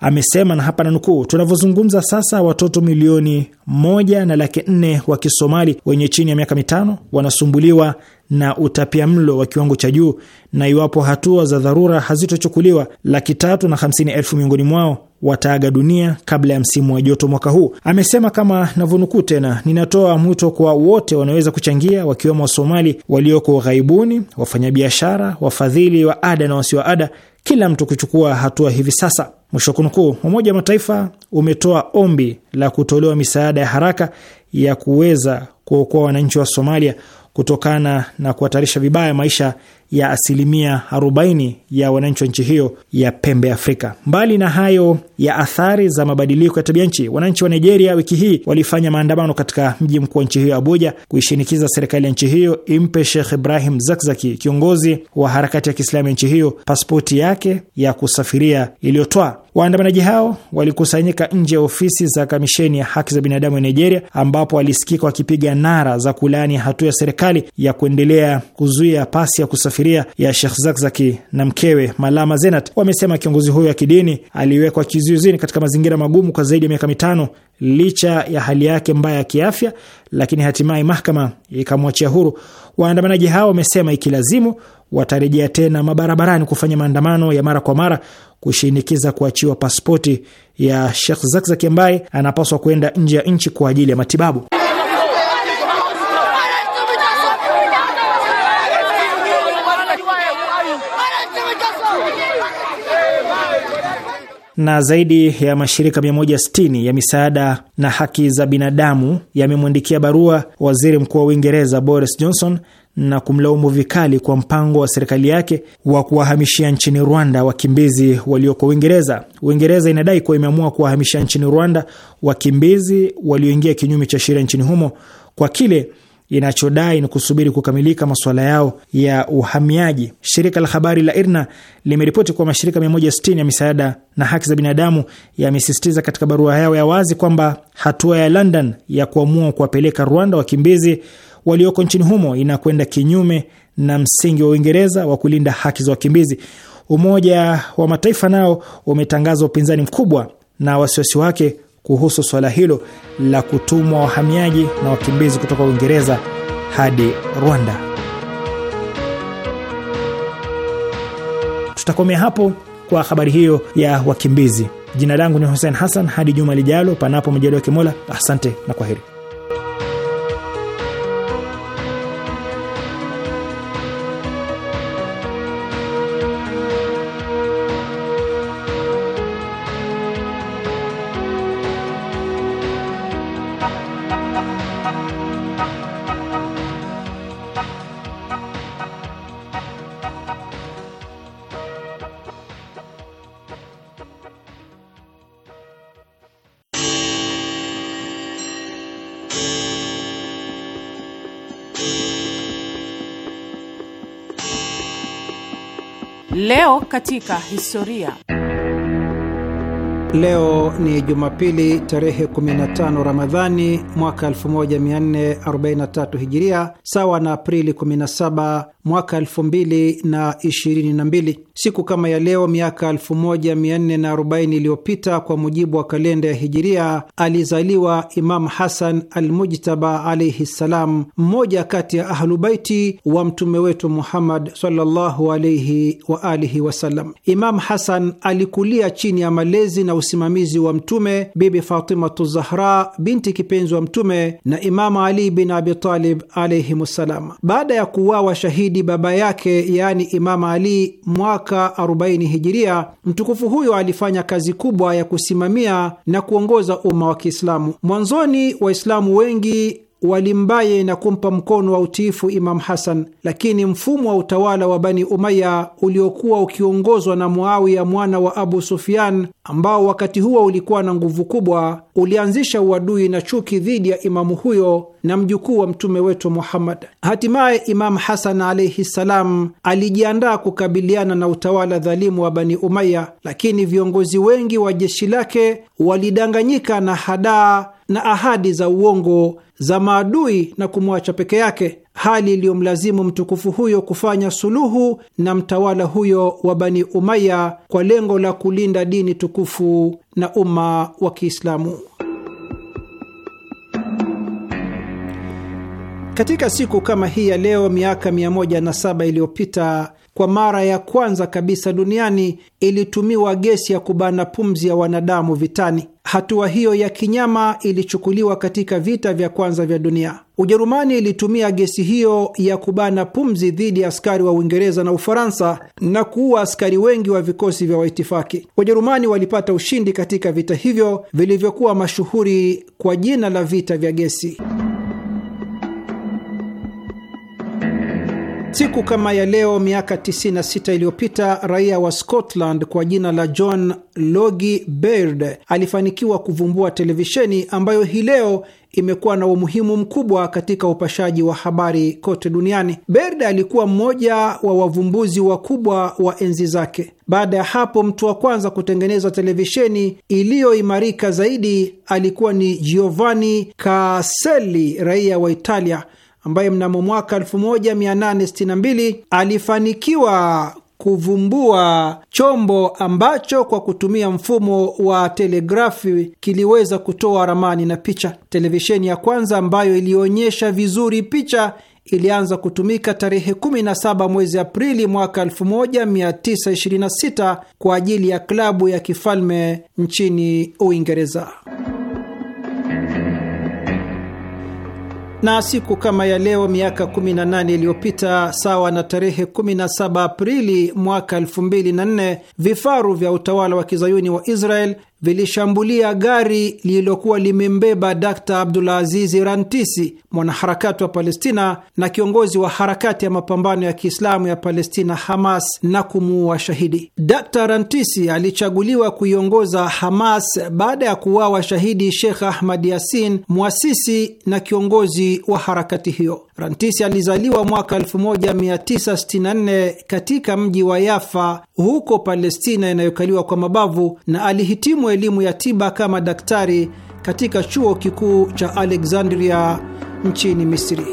amesema na hapa nanukuu, tunavyozungumza sasa, watoto milioni moja na laki nne wa Kisomali wenye chini ya miaka mitano wanasumbuliwa na utapiamlo wa kiwango cha juu, na iwapo hatua za dharura hazitochukuliwa, laki tatu na hamsini elfu miongoni mwao wataaga dunia kabla ya msimu wa joto mwaka huu, amesema. Kama navyonukuu tena, ninatoa mwito kwa wote wanaweza kuchangia, wakiwemo Wasomali walioko ughaibuni, wafanyabiashara, wafadhili wa ada na wasio ada, kila mtu kuchukua hatua hivi sasa. Mwisho kunukuu. Umoja wa Mataifa umetoa ombi la kutolewa misaada ya haraka ya kuweza kuokoa wananchi wa Somalia kutokana na kuhatarisha vibaya maisha ya asilimia 40 ya wananchi wa nchi hiyo ya pembe Afrika. Mbali na hayo ya athari za mabadiliko ya tabia nchi, wananchi wa Nigeria wiki hii walifanya maandamano katika mji mkuu wa nchi hiyo Abuja, kuishinikiza serikali ya nchi hiyo impe Sheikh Ibrahim Zakzaki, kiongozi wa harakati ya Kiislamu ya nchi hiyo, pasipoti yake ya kusafiria iliyotoa Waandamanaji hao walikusanyika nje ya ofisi za kamisheni ya haki za binadamu ya Nigeria, ambapo walisikika wakipiga nara za kulaani hatua ya serikali ya kuendelea kuzuia pasi ya kusafiria ya Sheikh Zakzaki na mkewe Malama Zenat. Wamesema kiongozi huyo wa kidini aliwekwa kizuizini katika mazingira magumu kwa zaidi ya miaka mitano licha ya hali yake mbaya ya kiafya, lakini hatimaye mahakama ikamwachia huru. Waandamanaji hao wamesema ikilazimu watarejea tena mabarabarani kufanya maandamano ya mara kwa mara kushinikiza kuachiwa pasipoti ya Sheikh Zakzaki ambaye anapaswa kuenda nje ya nchi kwa ajili ya matibabu. na zaidi ya mashirika 160 ya misaada na haki za binadamu yamemwandikia barua waziri mkuu wa Uingereza Boris Johnson na kumlaumu vikali kwa mpango wa serikali yake wa kuwahamishia nchini Rwanda wakimbizi walioko Uingereza. Uingereza inadai kuwa imeamua kuwahamishia nchini Rwanda wakimbizi walioingia kinyume cha sheria nchini humo kwa kile inachodai ni kusubiri kukamilika masuala yao ya uhamiaji. Shirika la habari la IRNA limeripoti kuwa mashirika 160 ya misaada na haki za binadamu yamesisitiza katika barua yao ya wazi kwamba hatua ya London ya kuamua kuwapeleka Rwanda wakimbizi walioko nchini humo inakwenda kinyume na msingi wa Uingereza wa kulinda haki za wakimbizi. Umoja wa Mataifa nao umetangaza upinzani mkubwa na wasiwasi wake kuhusu swala hilo la kutumwa wahamiaji na wakimbizi kutoka Uingereza hadi Rwanda. Tutakomea hapo kwa habari hiyo ya wakimbizi. Jina langu ni Hussein Hassan, hadi juma lijalo, panapo majaliwa ya kimola Asante na kwaheri. katika historia. Leo ni Jumapili tarehe 15 Ramadhani mwaka 1443 Hijiria, sawa na Aprili 17 mwaka mbili. Siku kama ya leo miaka 1440 iliyopita kwa mujibu wa kalenda ya Hijiria, alizaliwa Imam Hasan Almujtaba alaihi ssalam, mmoja kati ya Ahlubaiti wa mtume wetu Muhammad sallallahu alaihi wa alihi wasallam. Imam Hasan alikulia chini ya malezi na usimamizi wa Mtume, Bibi Fatimatu Zahra binti kipenzi wa Mtume na Imamu Ali bin Abitalib alaihim ssalam. Baada ya kuwawa shahidi zaidi baba yake, yaani Imam Ali, mwaka 40 Hijiria, mtukufu huyo alifanya kazi kubwa ya kusimamia na kuongoza umma wa Kiislamu. Mwanzoni Waislamu wengi walimbaye na kumpa mkono wa utiifu Imam Hasan, lakini mfumo wa utawala wa Bani Umaya uliokuwa ukiongozwa na Muawiya mwana wa Abu Sufyan, ambao wakati huo ulikuwa na nguvu kubwa, ulianzisha uadui na chuki dhidi ya imamu huyo na mjukuu wa mtume wetu Muhammad. Hatimaye Imam Hasan alaihi ssalam alijiandaa kukabiliana na utawala dhalimu wa Bani Umaya, lakini viongozi wengi wa jeshi lake walidanganyika na hadaa na ahadi za uongo za maadui na kumwacha peke yake, hali iliyomlazimu mtukufu huyo kufanya suluhu na mtawala huyo wa Bani Umaya kwa lengo la kulinda dini tukufu na umma wa Kiislamu. Katika siku kama hii ya leo miaka 107 iliyopita kwa mara ya kwanza kabisa duniani ilitumiwa gesi ya kubana pumzi ya wanadamu vitani. Hatua hiyo ya kinyama ilichukuliwa katika vita vya kwanza vya dunia. Ujerumani ilitumia gesi hiyo ya kubana pumzi dhidi ya askari wa Uingereza na Ufaransa na kuua askari wengi wa vikosi vya Waitifaki. Wajerumani walipata ushindi katika vita hivyo vilivyokuwa mashuhuri kwa jina la vita vya gesi. Siku kama ya leo miaka 96 iliyopita raia wa Scotland kwa jina la John Logie Baird alifanikiwa kuvumbua televisheni ambayo hii leo imekuwa na umuhimu mkubwa katika upashaji wa habari kote duniani. Baird alikuwa mmoja wa wavumbuzi wakubwa wa enzi zake. Baada ya hapo, mtu wa kwanza kutengeneza televisheni iliyoimarika zaidi alikuwa ni Giovanni Caselli, raia wa Italia ambaye mnamo mwaka 1862 alifanikiwa kuvumbua chombo ambacho kwa kutumia mfumo wa telegrafi kiliweza kutoa ramani na picha. Televisheni ya kwanza ambayo ilionyesha vizuri picha ilianza kutumika tarehe 17 mwezi Aprili mwaka 1926 kwa ajili ya klabu ya kifalme nchini Uingereza. na siku kama ya leo miaka 18 iliyopita sawa na tarehe 17 Aprili mwaka 2004 vifaru vya utawala wa kizayuni wa Israel vilishambulia gari lililokuwa limembeba abdul Abdulaziz Rantisi, mwanaharakati wa Palestina na kiongozi wa harakati ya mapambano ya Kiislamu ya Palestina, Hamas, na kumuua shahidi. d Rantisi alichaguliwa kuiongoza Hamas baada ya kuuawa shahidi Sheikh Ahmad Yasin, mwasisi na kiongozi wa harakati hiyo. Rantisi alizaliwa mwaka 1964 katika mji wa Yafa huko Palestina inayokaliwa kwa mabavu na alihitimu elimu ya tiba kama daktari katika chuo kikuu cha Alexandria nchini Misri.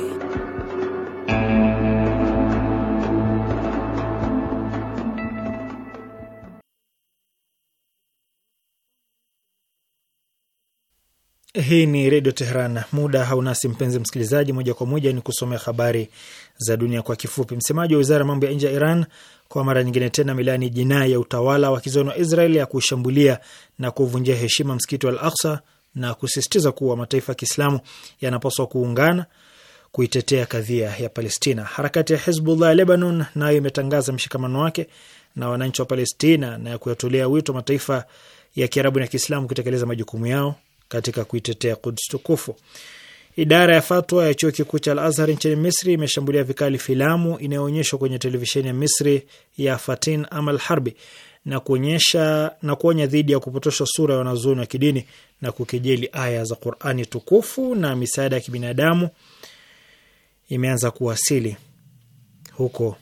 Hii ni Redio Teheran. Muda haunasi mpenzi msikilizaji, moja kwa moja ni kusomea habari za dunia kwa kifupi. Msemaji wa wizara ya mambo ya nje ya Iran kwa mara nyingine tena milani jinai ya utawala wa kizoni wa Israel ya kushambulia na kuvunjia heshima msikiti wa Al Aksa na kusisitiza kuwa mataifa ya Kiislamu yanapaswa kuungana kuitetea kadhia ya Palestina. Harakati ya Hezbullah ya Lebanon nayo imetangaza mshikamano wake na wananchi wa Palestina na ya kuyatolea wito mataifa ya Kiarabu na Kiislamu kutekeleza majukumu yao katika kuitetea Quds tukufu. Idara ya fatwa ya chuo kikuu cha Al Azhar nchini Misri imeshambulia vikali filamu inayoonyeshwa kwenye televisheni ya Misri ya Fatin Amal Harbi na kuonyesha na kuonya dhidi ya kupotosha sura ya wanazuoni wa kidini na kukejeli aya za Qurani tukufu. Na misaada ya kibinadamu imeanza kuwasili huko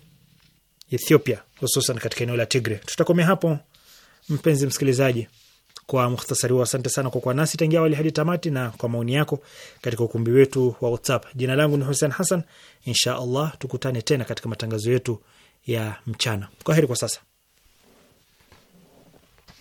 Ethiopia, hususan katika eneo la Tigre. Tutakomea hapo mpenzi msikilizaji kwa muhtasari huo. Asante sana kwa kuwa nasi tangia awali hadi tamati na kwa maoni yako katika ukumbi wetu wa WhatsApp. Jina langu ni Hussein Hassan. Insha Allah tukutane tena katika matangazo yetu ya mchana. Kwa heri kwa sasa.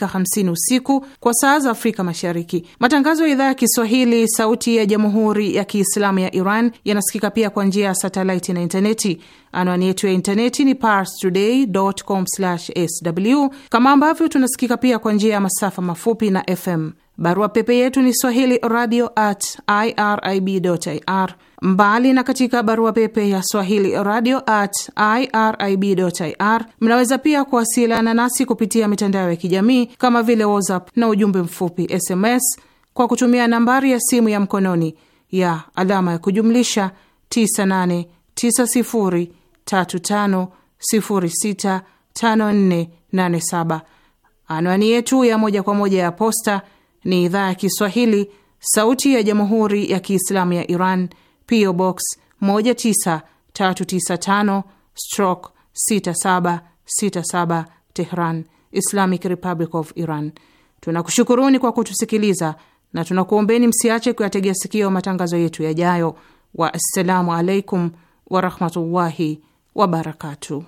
dakika 50 usiku kwa saa za Afrika Mashariki. Matangazo ya idhaa ya Kiswahili sauti ya Jamhuri ya Kiislamu ya Iran yanasikika pia kwa njia ya satelaiti na intaneti. Anwani yetu ya intaneti ni parstoday.com/sw, kama ambavyo tunasikika pia kwa njia ya masafa mafupi na FM. Barua pepe yetu ni swahili radio at irib.ir. Mbali na katika barua pepe ya swahili radio at irib.ir, mnaweza pia kuwasiliana nasi kupitia mitandao ya kijamii kama vile WhatsApp na ujumbe mfupi SMS kwa kutumia nambari ya simu ya mkononi ya alama ya kujumlisha 9890 Anwani yetu ya moja kwa moja ya posta ni idhaa ya Kiswahili, sauti ya jamhuri ya kiislamu ya Iran, PO Box 19395 stroke 6767 Tehran, Islamic Republic of Iran. Tunakushukuruni kwa kutusikiliza na tunakuombeni msiache kuyategea sikio matangazo yetu yajayo. Waassalamu alaikum warahmatullahi wabarakatu.